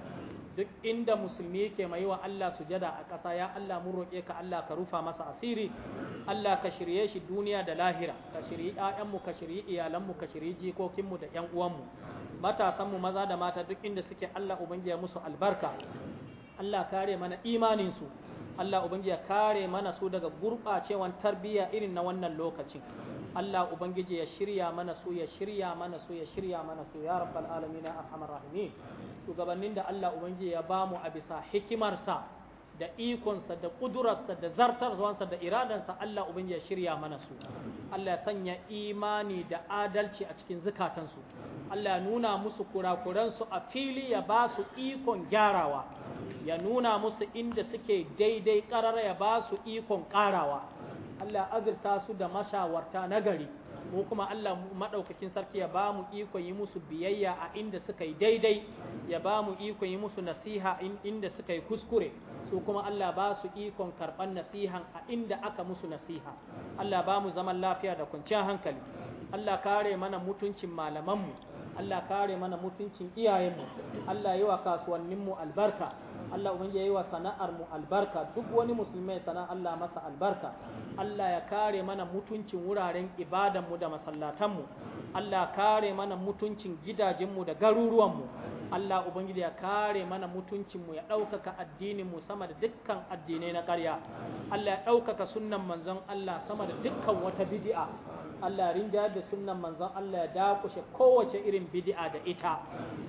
duk inda musulmi ke mai wa Allah sujada a ƙasa ya Allah mun roƙe ka Allah ka rufa masa asiri Allah ka shirye shi duniya da lahira ka shirye mu ka shirye iyalanmu ka shirye jikokinmu da ƴan uwanmu matasanmu maza da mata duk inda suke Allah ubangiji ya musu albarka Allah kare mana imaninsu Allah ubangiji ya kare mana su daga gurɓacewan tarbiyya irin na wannan lokacin Allah ubangiji ya shirya mana su ya shirya mana su ya shirya mana su ya rabbal alamin arhamar rahimin shugabannin da Allah ubangiji ya bamu a bisa hikimarsa da ikonsa da ƙudurarsa da zartarwansa da iradansa Allah ubin ya shirya mana su Allah ya sanya imani da adalci a cikin zukatansu Allah ya nuna musu kurakuransu a fili ya ba su ikon gyarawa ya nuna musu inda suke daidai ƙarara ya ba su ikon ƙarawa Allah ya azurta su da mashawarta nagari mu kuma Allah madaukakin sarki ya ba mu iko yi musu biyayya a inda suka yi daidai ya ba mu iko yi musu nasiha inda suka yi kuskure su kuma Allah ba su ikon karban nasihan a inda aka musu nasiha Allah ba mu zaman lafiya da kwanciyar hankali Allah kare mana mutuncin malamanmu Allah kare mana mutuncin iyayenmu Allah yi wa kasuwanninmu albarka Allah ya yi wa sana'ar mu albarka duk wani musulmai sana Allah masa albarka Allah ya kare mana mutuncin wuraren ibadan mu da masallatan mu Allah kare mana mutuncin gidajen mu da garuruwan mu Allah Ubangiji ya kare mana mutuncinmu ya ɗaukaka addininmu sama da dukkan addinai na ƙarya Allah ya ɗaukaka sunan manzon Allah sama da dukkan wata bidi'a. Allah ya da sunan manzon Allah ya dakushe kowace irin bidi'a da ita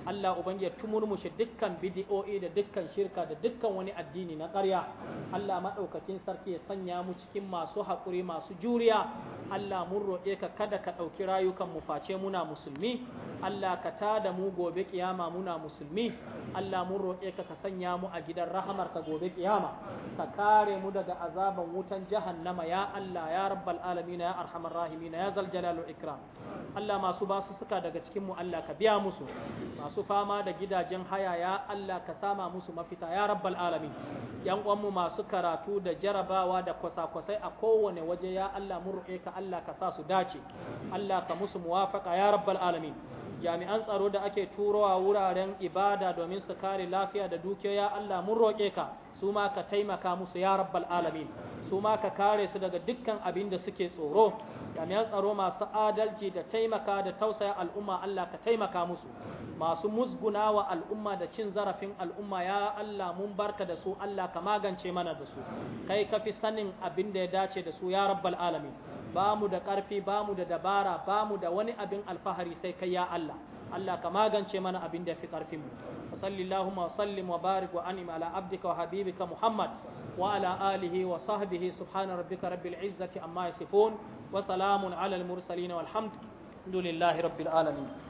Allah Ubangiji ya tumurmushe dukkan bidi'o'i da dukkan shirka da dukkan wani addini na ƙarya Allah maɗaukakin sarki ya sanya mu cikin masu haƙuri masu juriya Allah mun roƙe ka kada ka ɗauki rayukan mu face muna musulmi Allah ka tada mu gobe ƙiyama. muna muna musulmi Allah mun roƙe ka ka sanya mu a gidan rahamar ka gobe kiyama ka kare mu daga azaban wutan jahannama ya Allah ya rabbal alamin ya arhamar rahimin ya zal jalal ikram Allah masu basu suka daga cikin mu Allah ka biya musu masu fama da gidajen haya ya Allah ka sama musu mafita ya rabbal alamin yan uwanmu masu karatu da jarabawa da kwasa-kwasai a kowane waje ya Allah mun roƙe ka Allah ka sa su dace Allah ka musu muwafaqa ya rabbal alamin jami'an tsaro da ake turowa wuraren ibada domin su kare lafiya da dukiya Allah mun roƙe ka su ma ka taimaka musu ya rabbal alamin su ma ka kare su daga dukkan abin da suke tsoro jami'an tsaro masu adalci da taimaka da tausaya al'umma Allah ka taimaka musu masu musguna wa al'umma da cin zarafin al'umma ya Allah mun barka da su Allah ka magance mana da su kai ka fi sanin abin da ya dace da su ya rabbal alamin ba mu da ƙarfi ba mu da dabara ba mu da wani abin alfahari sai kai ya Allah Allah ka magance mana abin da ya fi karfin mu salli Allahumma sallim wa barik wa anim ala abdika wa habibika Muhammad wa ala alihi wa sahbihi subhana rabbika rabbil izzati amma yasifun wa salamun ala al mursalin walhamdulillahi rabbil alamin